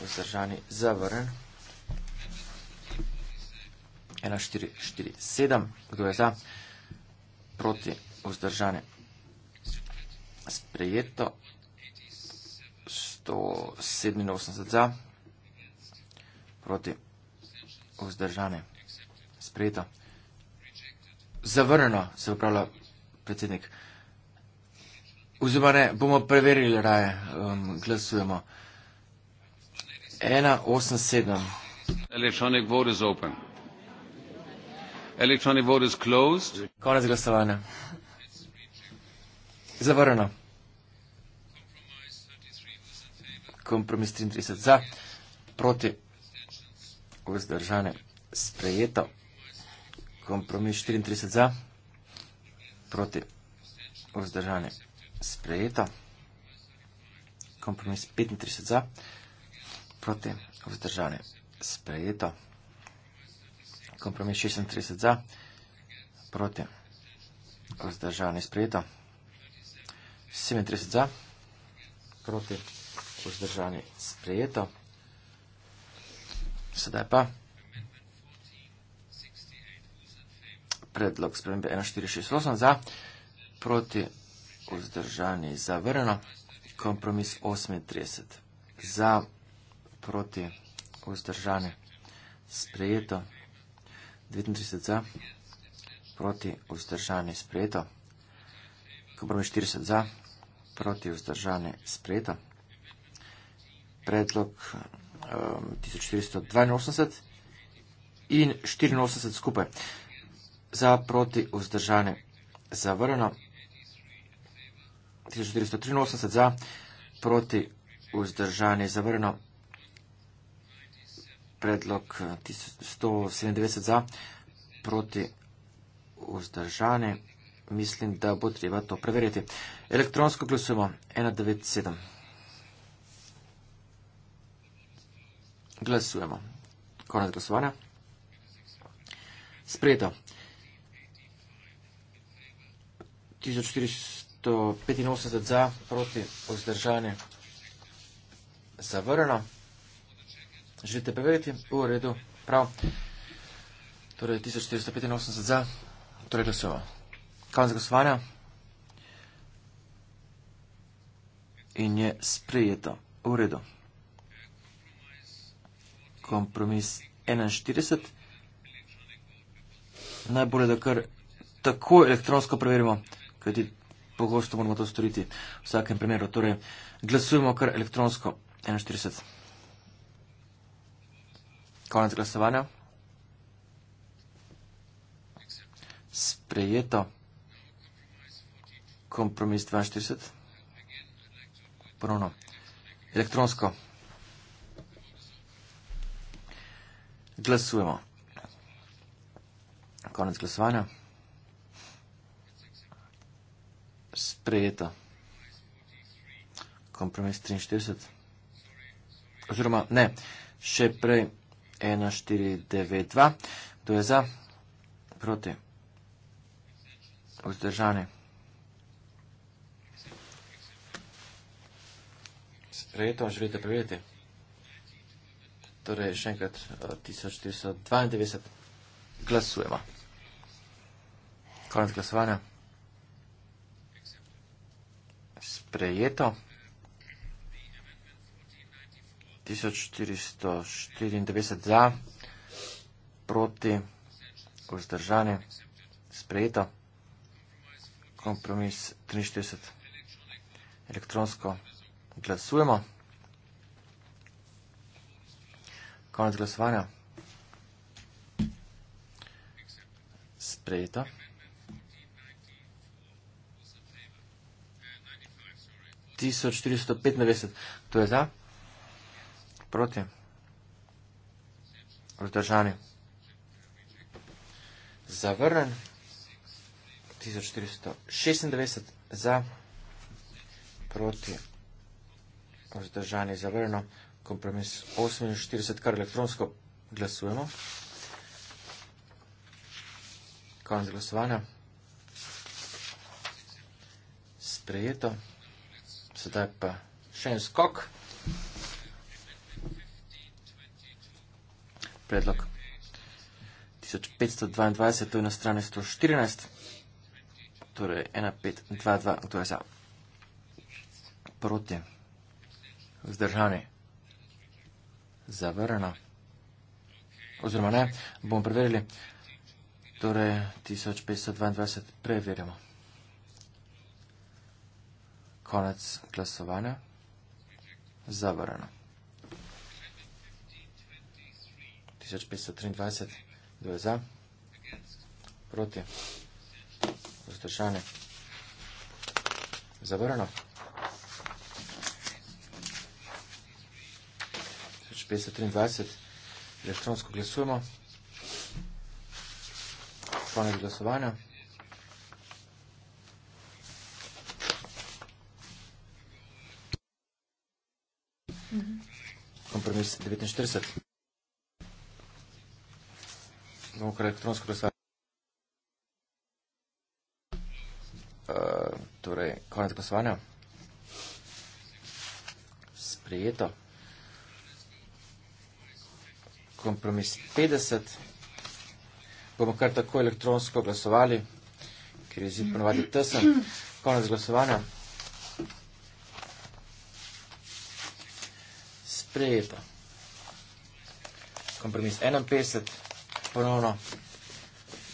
vzdržani zavrnjen. 1447, kdo je za, proti, vzdržane, sprejeto, 187 za, proti, vzdržane, sprejeto, zavrnjeno, se upravlja predsednik. Vzumane, bomo preverili raje, um, glasujemo. 187. Electronic vote is open. Electronic vote is closed. Konec glasovanja. Zavrano. Kompromis 33 za, proti vzdržane sprejeto. Kompromis 34 za, proti vzdržane sprejeto. Kompromis 35 za, proti vzdržane sprejeto kompromis 36 za, proti, vzdržani sprejeto, 37 za, proti, vzdržani sprejeto, sedaj pa, predlog spremembe 1.4.6.8 za, proti, vzdržani zavrjeno, kompromis 38 za, proti, vzdržani sprejeto, 37 za, 39 za, proti vzdržani sprejeto. Kompromis 40 za, proti vzdržani sprejeto. Predlog um, 1482 in 84 skupaj. Za, proti vzdržani zavrljeno. 1483 za, proti vzdržani zavrljeno predlog 197 eh, za, proti vzdržane. Mislim, da bo treba to preveriti. Elektronsko glasujemo 197. Glasujemo. Konec glasovanja. Sprejeto. 1485 za proti vzdržanje zavrnjeno. Želite preveriti? V redu, prav. Torej, 1485 za, torej glasoval. Konec glasovanja. In je sprejeto. V redu. Kompromis 41. Najbolje, da kar tako elektronsko preverimo, kajti pogosto moramo to storiti v vsakem primeru. Torej, glasujemo kar elektronsko 41. Konec glasovanja. Sprejeto. Kompromis 42. Ponovno. Elektronsko. Glasujemo. Konec glasovanja. Sprejeto. Kompromis 43. Oziroma, ne, še prej. 1492. Kdo je za? Proti. Vzdržani. Sprejeto, želite preveriti? Torej, še enkrat 1492. Eh, Glasujemo. Konec glasovanja. Sprejeto. 1494 za, proti, vzdržane, sprejeto, kompromis 43, elektronsko glasujemo. Konec glasovanja. Sprejeto. Tisoč štiristo petindevetdeset, to je za. Proti. Vzdržani. Zavrnen. 1496 za. Proti. Vzdržani. Zavrnen. Kompromis 48, kar elektronsko glasujemo. Konec glasovanja. Sprejeto. Sedaj pa še en skok. Thank you. predlog. 1522, to je na strani 114, torej 1522, to je za. Proti. Zdržani. Zavrna. Oziroma ne, bomo preverili. Torej, 1522 preverjamo. Konec glasovanja. Zavrano. 1523, kdo je za, proti, vzdržane, zavrano. 1523, elektronsko glasujemo, konec glasovanja. Mhm. Kompromis 49 zvonko elektronsko razstavljanje. Uh, torej, konec glasovanja. Sprijeto. Kompromis 50. Bomo kar tako elektronsko glasovali, ker je zid ponovadi tesen. Konec glasovanja. Sprijeto. Kompromis 51 ponovno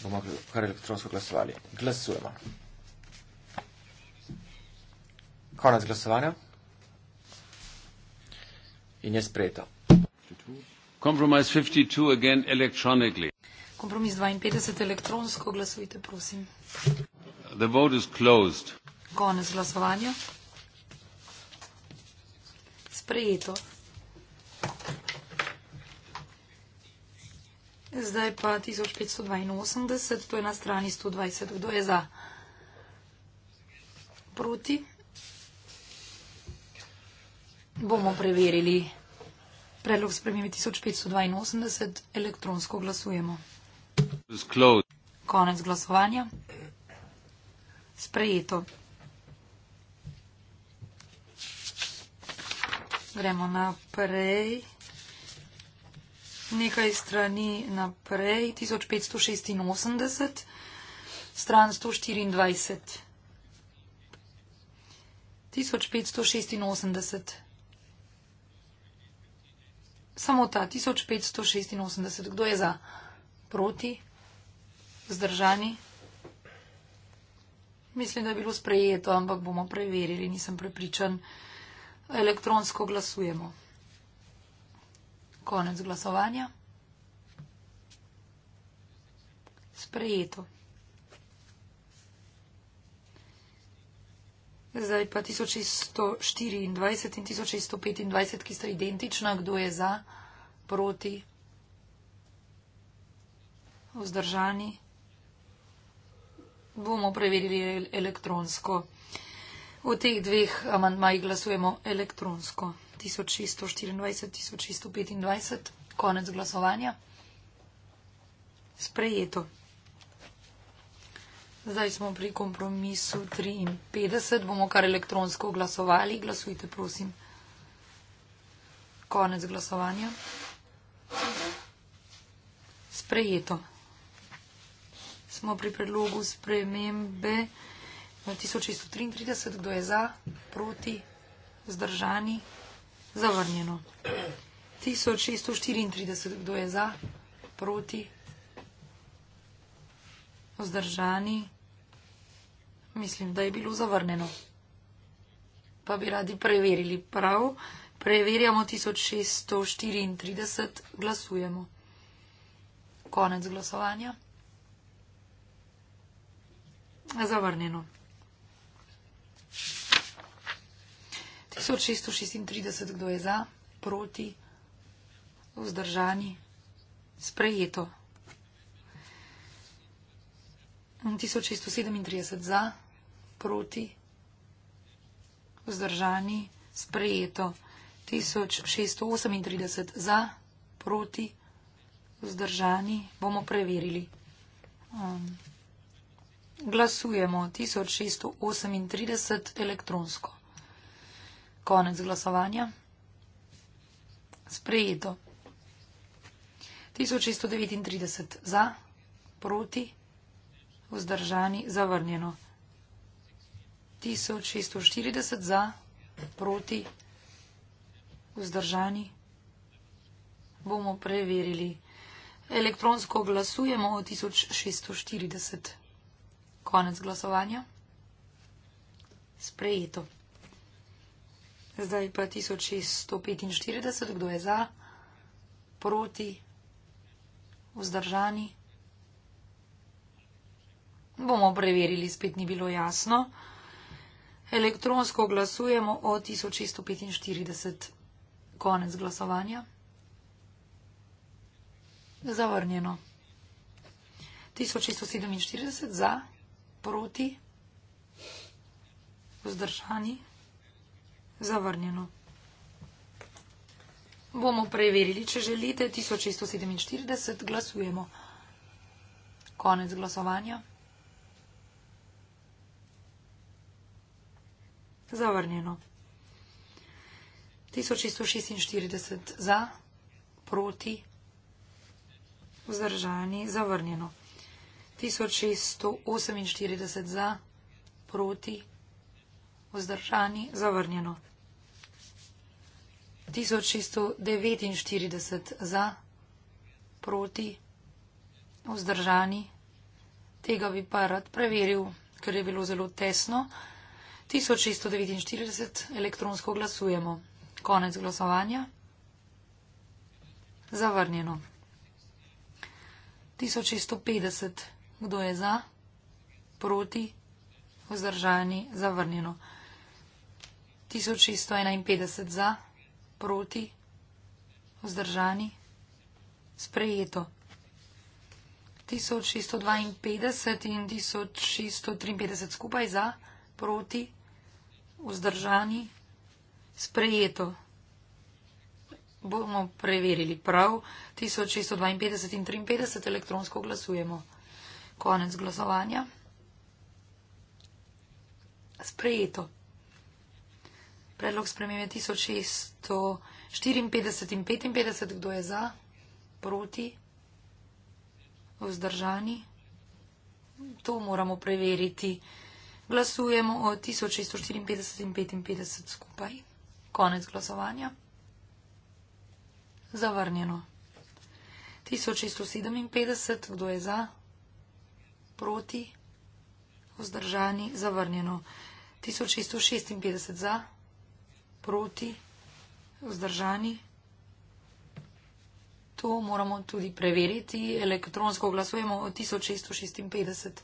bomo kar elektronsko glasovali. Glasujemo. Konec glasovanja. In je sprejeto. Kompromis 52, Kompromis 52 elektronsko, glasujte, prosim. The vote is closed. Konec glasovanja. Sprejeto. Zdaj pa 1582, to je na strani 120, kdo je za? Proti? Bomo preverili predlog spremembe 1582, elektronsko glasujemo. Konec glasovanja. Sprejeto. Gremo naprej nekaj strani naprej, 1586, stran 124. 1586. Samo ta 1586. Kdo je za? Proti? Zdržani? Mislim, da je bilo sprejeto, ampak bomo preverili, nisem prepričan. Elektronsko glasujemo. Konec glasovanja. Sprejeto. Zdaj pa 1624 in 1625, ki sta identična, kdo je za, proti, vzdržani. Bomo preverili elektronsko. V teh dveh amantmajih glasujemo elektronsko. 1624-1625, konec glasovanja. Sprejeto. Zdaj smo pri kompromisu 53, bomo kar elektronsko glasovali. Glasujte, prosim. Konec glasovanja. Sprejeto. Smo pri predlogu spremembe 1633, kdo je za, proti, zdržani. Zavrnjeno. 1634, kdo je za, proti, vzdržani. Mislim, da je bilo zavrnjeno. Pa bi radi preverili prav. Preverjamo 1634, glasujemo. Konec glasovanja. Zavrnjeno. 1636, kdo je za, proti, vzdržani, sprejeto. 1637 za, proti, vzdržani, sprejeto. 1638 za, proti, vzdržani, bomo preverili. Um, glasujemo 1638 elektronsko. Konec glasovanja. Sprejeto. 1639 za, proti, vzdržani, zavrnjeno. 1640 za, proti, vzdržani. Bomo preverili. Elektronsko glasujemo o 1640. Konec glasovanja. Sprejeto. Zdaj pa 1645, kdo je za, proti, vzdržani. Bomo preverili, spet ni bilo jasno. Elektronsko glasujemo o 1645, konec glasovanja. Zavrnjeno. 1647 za, proti, vzdržani. Zavrnjeno. Bomo preverili, če želite. 1647 glasujemo. Konec glasovanja. Zavrnjeno. 1646 za, proti, vzdržani, zavrnjeno. 1648 za, proti, vzdržani vzdržani, zavrnjeno. 1649 za, proti, vzdržani, tega bi pa rad preveril, ker je bilo zelo tesno. 1649 elektronsko glasujemo. Konec glasovanja. Zavrnjeno. 1650, kdo je za, proti, vzdržani, zavrnjeno. 1651 za, proti, vzdržani, sprejeto. 1652 in 1653 skupaj za, proti, vzdržani, sprejeto. Bomo preverili prav. 1652 in 53 elektronsko glasujemo. Konec glasovanja. Sprejeto. Predlog spremembe 1654 in 55, kdo je za, proti, vzdržani. To moramo preveriti. Glasujemo o 1654 in 55 skupaj. Konec glasovanja. Zavrnjeno. 1657, kdo je za, proti, vzdržani, zavrnjeno. 1656 za proti, vzdržani. To moramo tudi preveriti. Elektronsko glasujemo od 1656.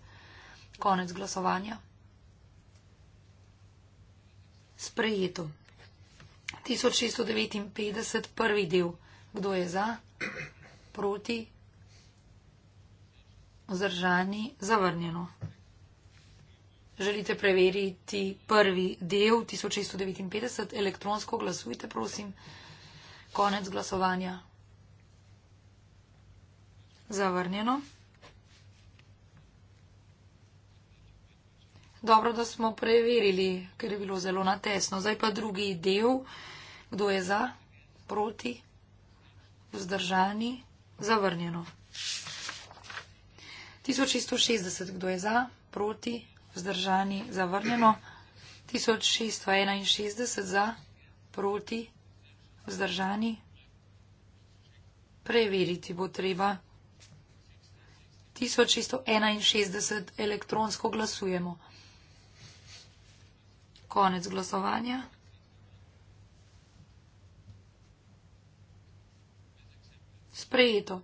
Konec glasovanja. Sprejeto. 1659. Prvi del. Kdo je za? Proti. Vzdržani. Zavrnjeno želite preveriti prvi del 1659, elektronsko glasujte, prosim. Konec glasovanja. Zavrnjeno. Dobro, da smo preverili, ker je bilo zelo natesno. Zdaj pa drugi del. Kdo je za, proti, vzdržani, zavrnjeno. 1660, kdo je za, proti, vzdržani vzdržani, zavrnjeno. 1661 za, proti, vzdržani. Preveriti bo treba. 1661 elektronsko glasujemo. Konec glasovanja. Sprejeto.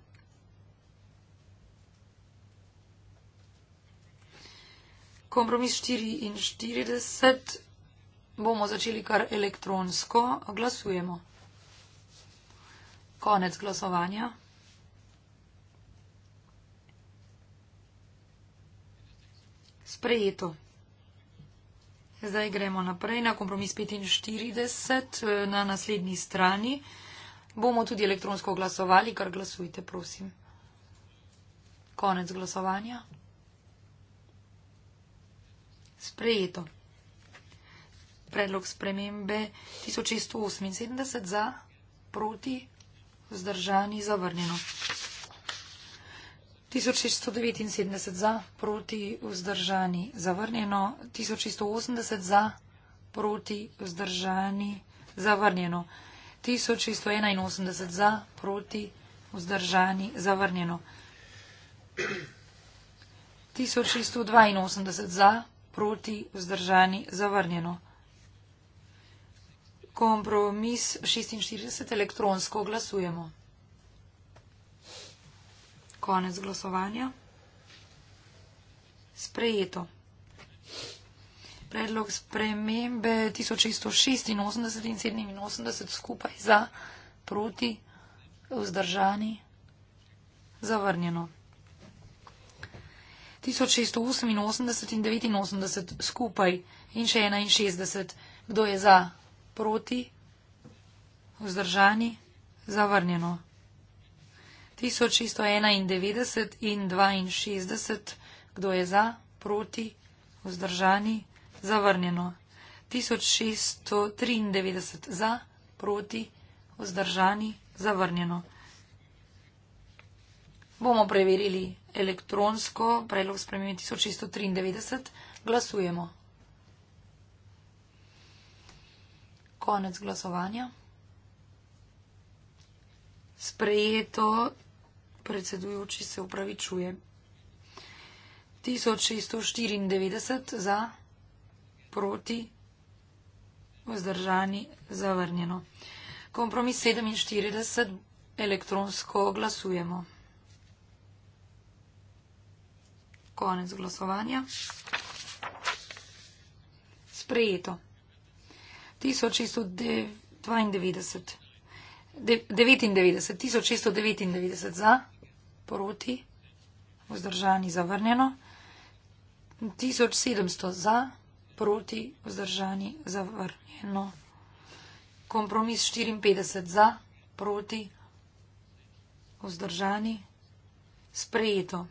kompromis 44 bomo začeli kar elektronsko. Glasujemo. Konec glasovanja. Sprejeto. Zdaj gremo naprej na kompromis 45 na naslednji strani. Bomo tudi elektronsko glasovali, kar glasujte, prosim. Konec glasovanja sprejeto. Predlog spremembe 1678 za, proti, vzdržani, zavrnjeno. 1679 za, proti, vzdržani, zavrnjeno. 1680 za, proti, vzdržani, zavrnjeno. 1681 za, proti, vzdržani, zavrnjeno. 1682 za, proti vzdržani zavrnjeno. Kompromis 46 elektronsko glasujemo. Konec glasovanja. Sprejeto. Predlog spremembe 1686 in 87 skupaj za proti vzdržani zavrnjeno. 1688 in 89 skupaj in še 61. Kdo je za, proti, vzdržani, zavrnjeno. 1691 in 62. Kdo je za, proti, vzdržani, zavrnjeno. 1693 za, proti, vzdržani, zavrnjeno. Bomo preverili elektronsko, predlog spremenjen 1693, glasujemo. Konec glasovanja. Sprejeto, predsedujoči se upravičuje. 1694 za, proti, vzdržani, zavrnjeno. Kompromis 47, elektronsko glasujemo. Konec glasovanja. Sprejeto. 1692. 99, 1699 za, proti, vzdržani zavrnjeno, 1700 za, proti, vzdržani zavrnjeno, kompromis 54 za, proti, vzdržani, sprejeto.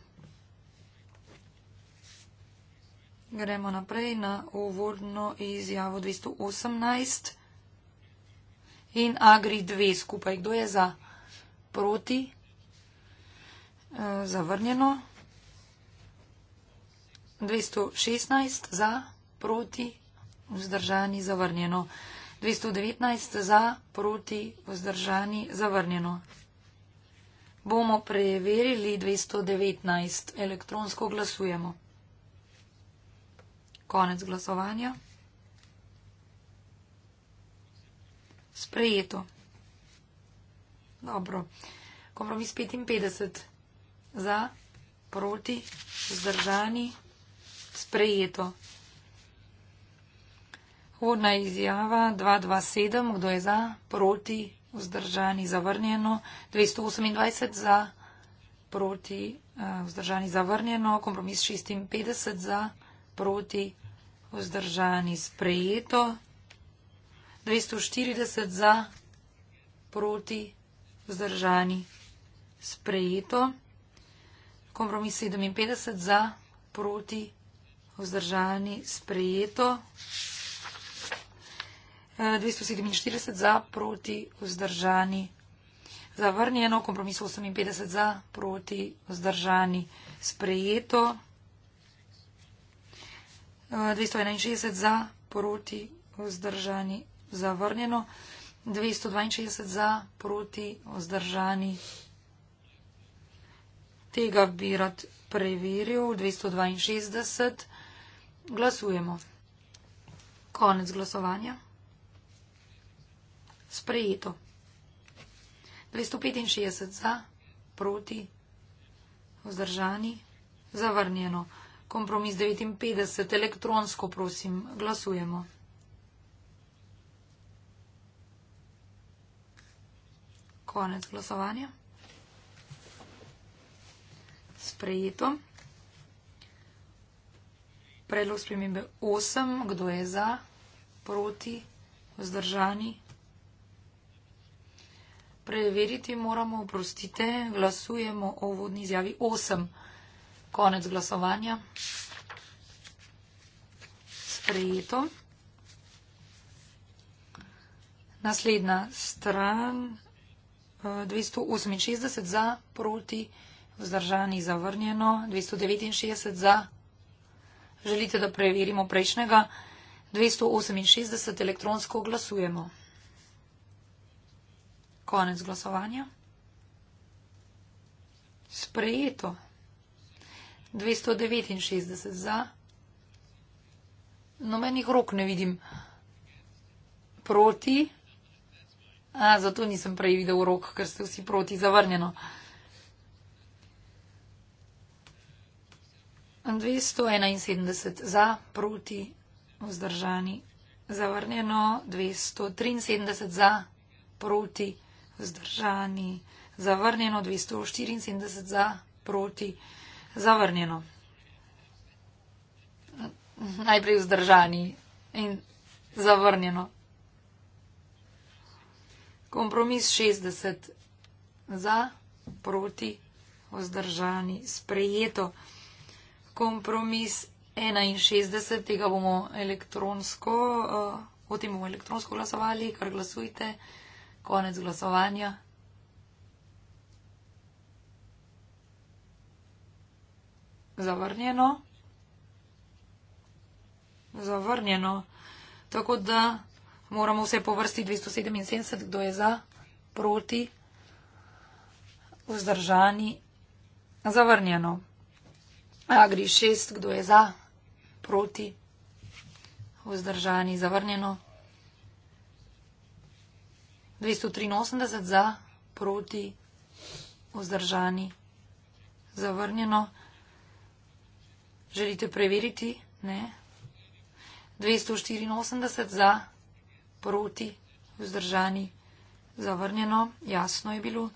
Gremo naprej na uvodno izjavo 218 in Agri 2 skupaj. Kdo je za? Proti? E, zavrnjeno. 216 za, proti, vzdržani, zavrnjeno. 219 za, proti, vzdržani, zavrnjeno. Bomo preverili 219. Elektronsko glasujemo. Konec glasovanja. Sprejeto. Dobro. Kompromis 55 za, proti, zdržani, sprejeto. Vodna izjava 227, kdo je za, proti, vzdržani, zavrnjeno. 228 za, proti, eh, vzdržani, zavrnjeno. Kompromis 56 za proti, vzdržani sprejeto, 240 za, proti, vzdržani sprejeto, kompromis 57 za, proti, vzdržani sprejeto, 247 za, proti, vzdržani zavrnjeno, kompromis 58 za, proti, vzdržani sprejeto. 261 za, proti, vzdržani, zavrnjeno. 262 za, proti, vzdržani. Tega bi rad preveril. 262. Glasujemo. Konec glasovanja. Sprejeto. 265 za, proti, vzdržani, zavrnjeno kompromis 59, elektronsko prosim, glasujemo. Konec glasovanja. Sprejeto. Predlog spremembe 8. Kdo je za, proti, vzdržani? Preveriti moramo, oprostite, glasujemo o vodni izjavi 8. Konec glasovanja. Sprejeto. Naslednja stran 268 eh, za, proti, vzdržani zavrnjeno, 269 za. Želite, da preverimo prejšnjega? 268 elektronsko glasujemo. Konec glasovanja. Sprejeto. 269 za. Nobenih rok ne vidim proti. A, zato nisem prej videl rok, ker ste vsi proti zavrnjeno. 271 za, proti, vzdržani, zavrnjeno. 273 za, proti, vzdržani, zavrnjeno. 274 za, proti, vzdržani. Zavrnjeno. Najprej vzdržani in zavrnjeno. Kompromis 60 za, proti, vzdržani, sprejeto. Kompromis 61, tega bomo elektronsko, uh, o tem bomo elektronsko glasovali, kar glasujte, konec glasovanja. zavrnjeno. Zavrnjeno. Tako da moramo vse po vrsti 277, kdo je za, proti, vzdržani, zavrnjeno. Agri 6, kdo je za, proti, vzdržani, zavrnjeno. 283 za, proti, vzdržani, zavrnjeno. Želite preveriti? Ne. 284 za, proti, vzdržani, zavrnjeno, jasno je bilo.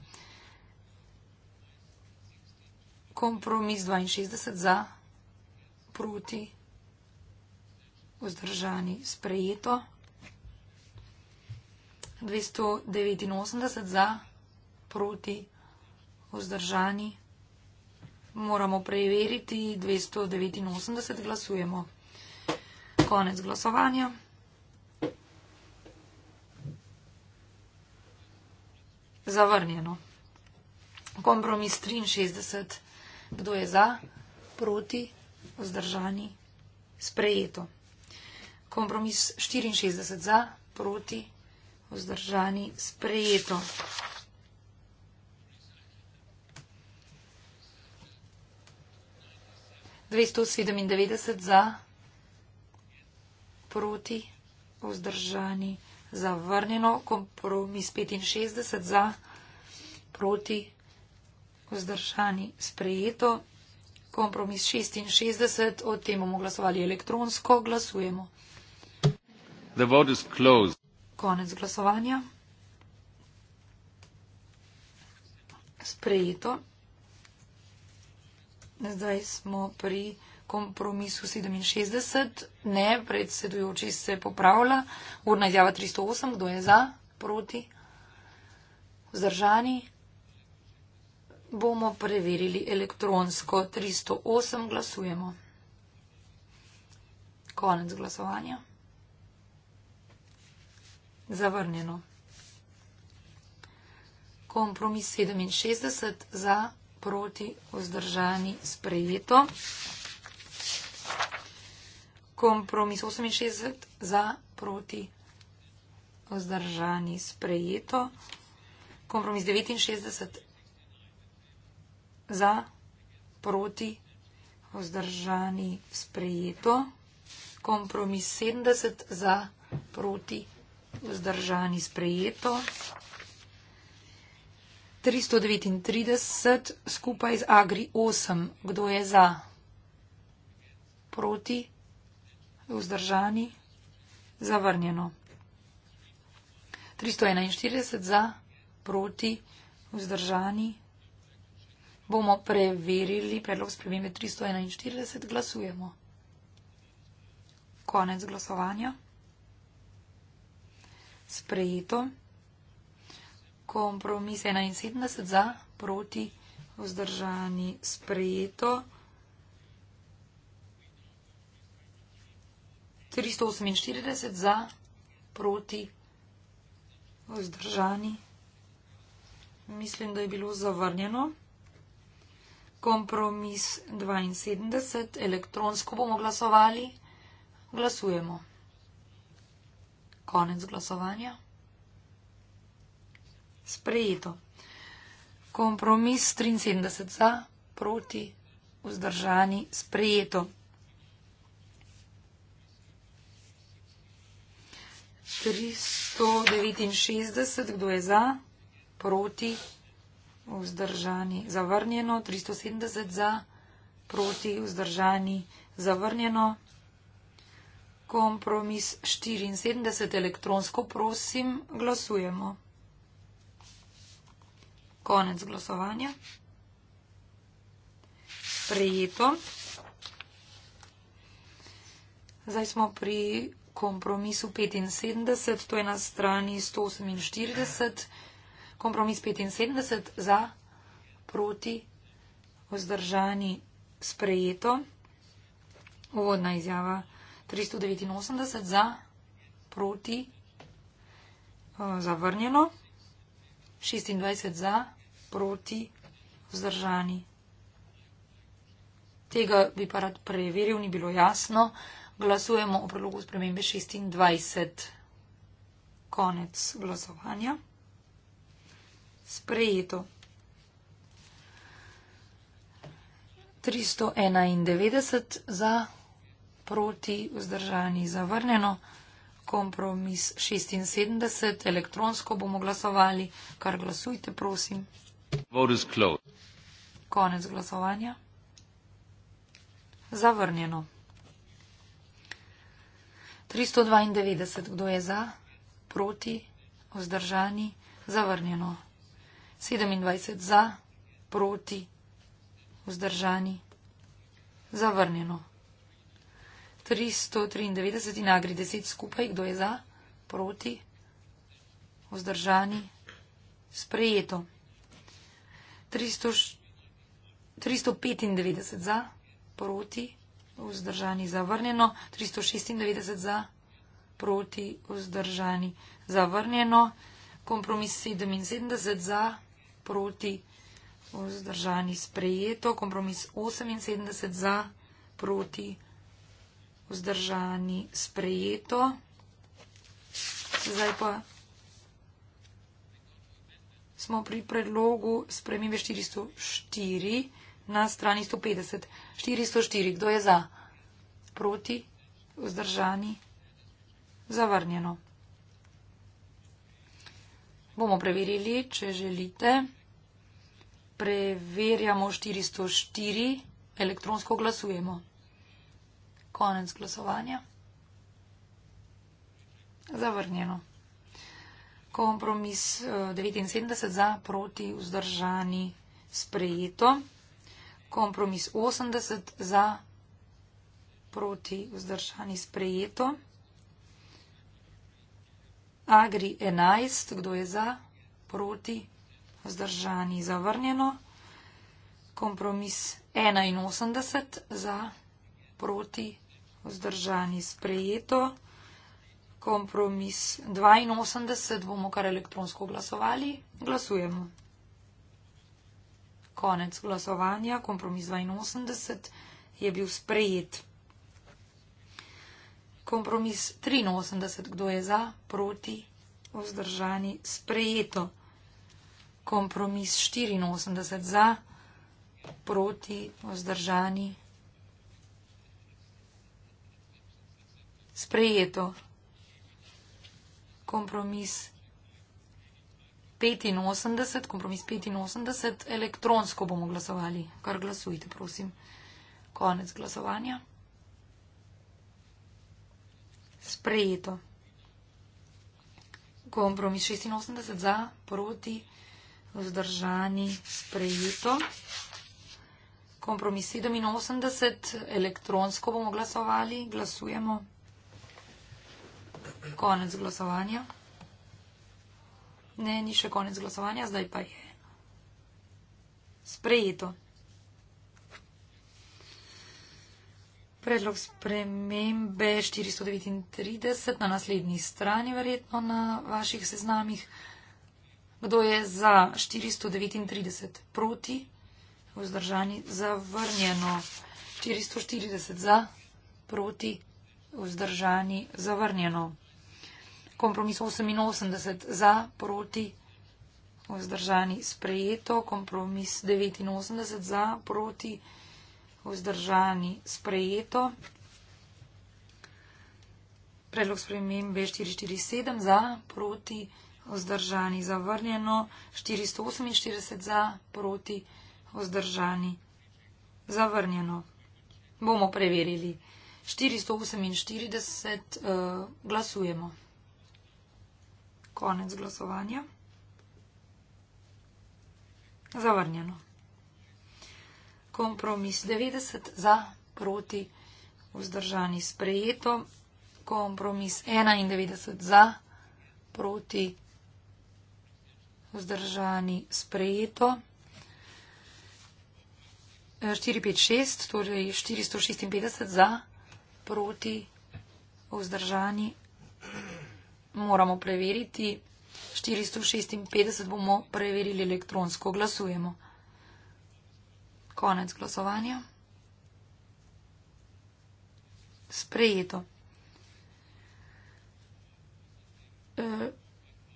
Kompromis 62 za, proti, vzdržani, sprejeto. 289 za, proti, vzdržani, sprejeto moramo preveriti 289 glasujemo. Konec glasovanja. Zavrnjeno. Kompromis 63. Kdo je za? Proti? Vzdržani? Sprejeto. Kompromis 64 za? Proti? Vzdržani? Sprejeto. 297 za, proti, vzdržani, zavrnjeno, kompromis 65 za, proti, vzdržani, sprejeto, kompromis 66, o tem bomo glasovali elektronsko, glasujemo. Konec glasovanja. Sprejeto. Zdaj smo pri kompromisu 67. Ne, predsedujoči se popravlja. Urna izjava 308. Kdo je za? Proti? Vzdržani? Bomo preverili elektronsko. 308 glasujemo. Konec glasovanja. Zavrnjeno. Kompromis 67 za proti vzdržani sprejeto. Kompromis 68 za proti vzdržani sprejeto. Kompromis 69 za proti vzdržani sprejeto. Kompromis 70 za proti vzdržani sprejeto. 339 skupaj z Agri 8. Kdo je za? Proti? Vzdržani? Zavrnjeno. 341 za, proti, vzdržani. Bomo preverili predlog spremembe 341. Glasujemo. Konec glasovanja. Sprejeto kompromis 71 za, proti, vzdržani, sprejeto. 348 za, proti, vzdržani. Mislim, da je bilo zavrnjeno. Kompromis 72, elektronsko bomo glasovali. Glasujemo. Konec glasovanja sprejeto. Kompromis 73 za, proti, vzdržani, sprejeto. Tristo devetinšestdeset, kdo je za, proti, vzdržani, zavrnjeno, tristo sedemdeset za, proti, vzdržani, zavrnjeno, kompromis štiriinsedemdeset, elektronsko prosim, glasujemo konec glasovanja. Sprejeto. Zdaj smo pri kompromisu 75, to je na strani 148. Kompromis 75 za, proti, vzdržani, sprejeto. Uvodna izjava 389 za, proti, eh, zavrnjeno. 26 za sproti vzdržani. Tega bi pa rad preveril, ni bilo jasno. Glasujemo o prilogu spremembe 26. Konec glasovanja. Sprejeto. 391 za, proti vzdržani zavrnjeno. Kompromis 76, elektronsko bomo glasovali, kar glasujte, prosim. Vote is closed. Konec glasovanja. Zavrnjeno. 392, kdo je za, proti, vzdržani, zavrnjeno. 27 za, proti, vzdržani, zavrnjeno. 393 in agri 10 skupaj, kdo je za, proti, vzdržani, sprejeto. 395 za, proti, vzdržani, zavrnjeno, 396 za, proti, vzdržani, zavrnjeno, kompromis 77 za, proti, vzdržani, sprejeto, kompromis 78 za, proti, vzdržani, sprejeto. Zdaj pa smo pri predlogu spremembe 404 na strani 150. 404, kdo je za? Proti, vzdržani, zavrnjeno. Bomo preverili, če želite. Preverjamo 404, elektronsko glasujemo. Konec glasovanja. Zavrnjeno kompromis 79 eh, za, proti, vzdržani, sprejeto. Kompromis 80 za, proti, vzdržani, sprejeto. Agri 11, kdo je za, proti, vzdržani, zavrnjeno. Kompromis 81 za, proti, vzdržani, sprejeto kompromis 82 bomo kar elektronsko glasovali. Glasujemo. Konec glasovanja, kompromis 82 je bil sprejet. Kompromis 83, kdo je za, proti, vzdržani, sprejeto. Kompromis 84 za, proti, vzdržani, sprejeto kompromis 85, kompromis 85, elektronsko bomo glasovali. Kar glasujte, prosim. Konec glasovanja. Sprejeto. Kompromis 86 za, proti, vzdržani, sprejeto. Kompromis 87, elektronsko bomo glasovali. Glasujemo. Konec glasovanja. Ne, ni še konec glasovanja, zdaj pa je. Sprejeto. Predlog spremembe 439 na naslednji strani, verjetno na vaših seznamih. Kdo je za 439 proti? Vzdržani zavrnjeno. 440 za proti? Vzdržani zavrnjeno kompromis 88 za, proti, vzdržani sprejeto, kompromis 89 za, proti, vzdržani sprejeto. Predlog spremembe 447 za, proti, vzdržani zavrnjeno, 448 za, proti, vzdržani zavrnjeno. Bomo preverili. 448 uh, eh, glasujemo. Konec glasovanja. Zavrnjeno. Kompromis 90 za, proti, vzdržani sprejeto. Kompromis 91 za, proti, vzdržani sprejeto. 456, torej 456 za, proti, vzdržani sprejeto moramo preveriti. 456 bomo preverili elektronsko. Glasujemo. Konec glasovanja. Sprejeto.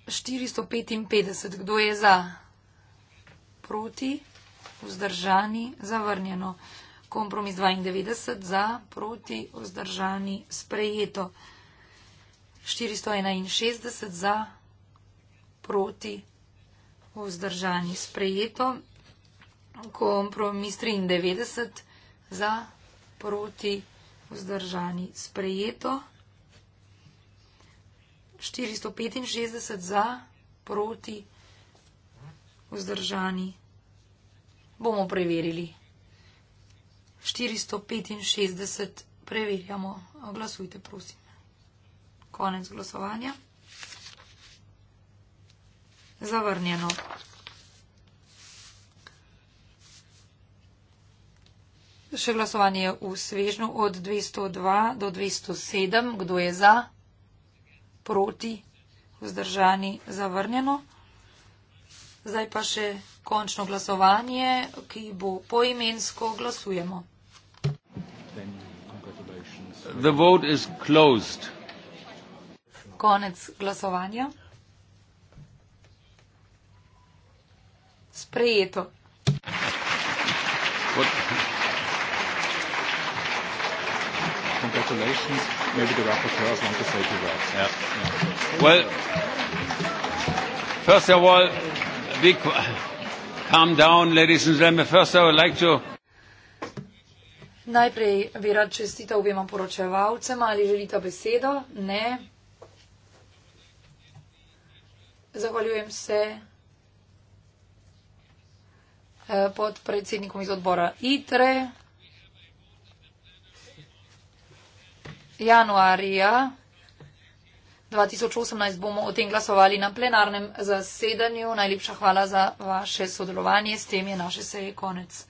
455. E, Kdo je za? Proti? Vzdržani? Zavrnjeno. Kompromis 92. Za? Proti? Vzdržani? Sprejeto. 461 za, proti, vzdržani sprejeto, kompromis 93 za, proti, vzdržani sprejeto, 465 za, proti, vzdržani. Bomo preverili. 465 preverjamo. Glasujte, prosim. Konec glasovanja. Zavrnjeno. Še glasovanje je v svežnju od 202 do 207. Kdo je za? Proti? Vzdržani? Zavrnjeno. Zdaj pa še končno glasovanje, ki bo poimensko glasujemo. The vote is closed konec glasovanja. Sprejeto. Congratulations. Maybe the rapporteurs want to say two words. Yeah. yeah. Well, first of all, we calm down, ladies and gentlemen. First, I would like to. Najprej bi rad čestital obema poročevalcema, ali želite besedo? Ne. Zahvaljujem se eh, pod predsednikom iz odbora ITRE. Januarja 2018 bomo o tem glasovali na plenarnem zasedanju. Najlepša hvala za vaše sodelovanje. S tem je naše seje konec.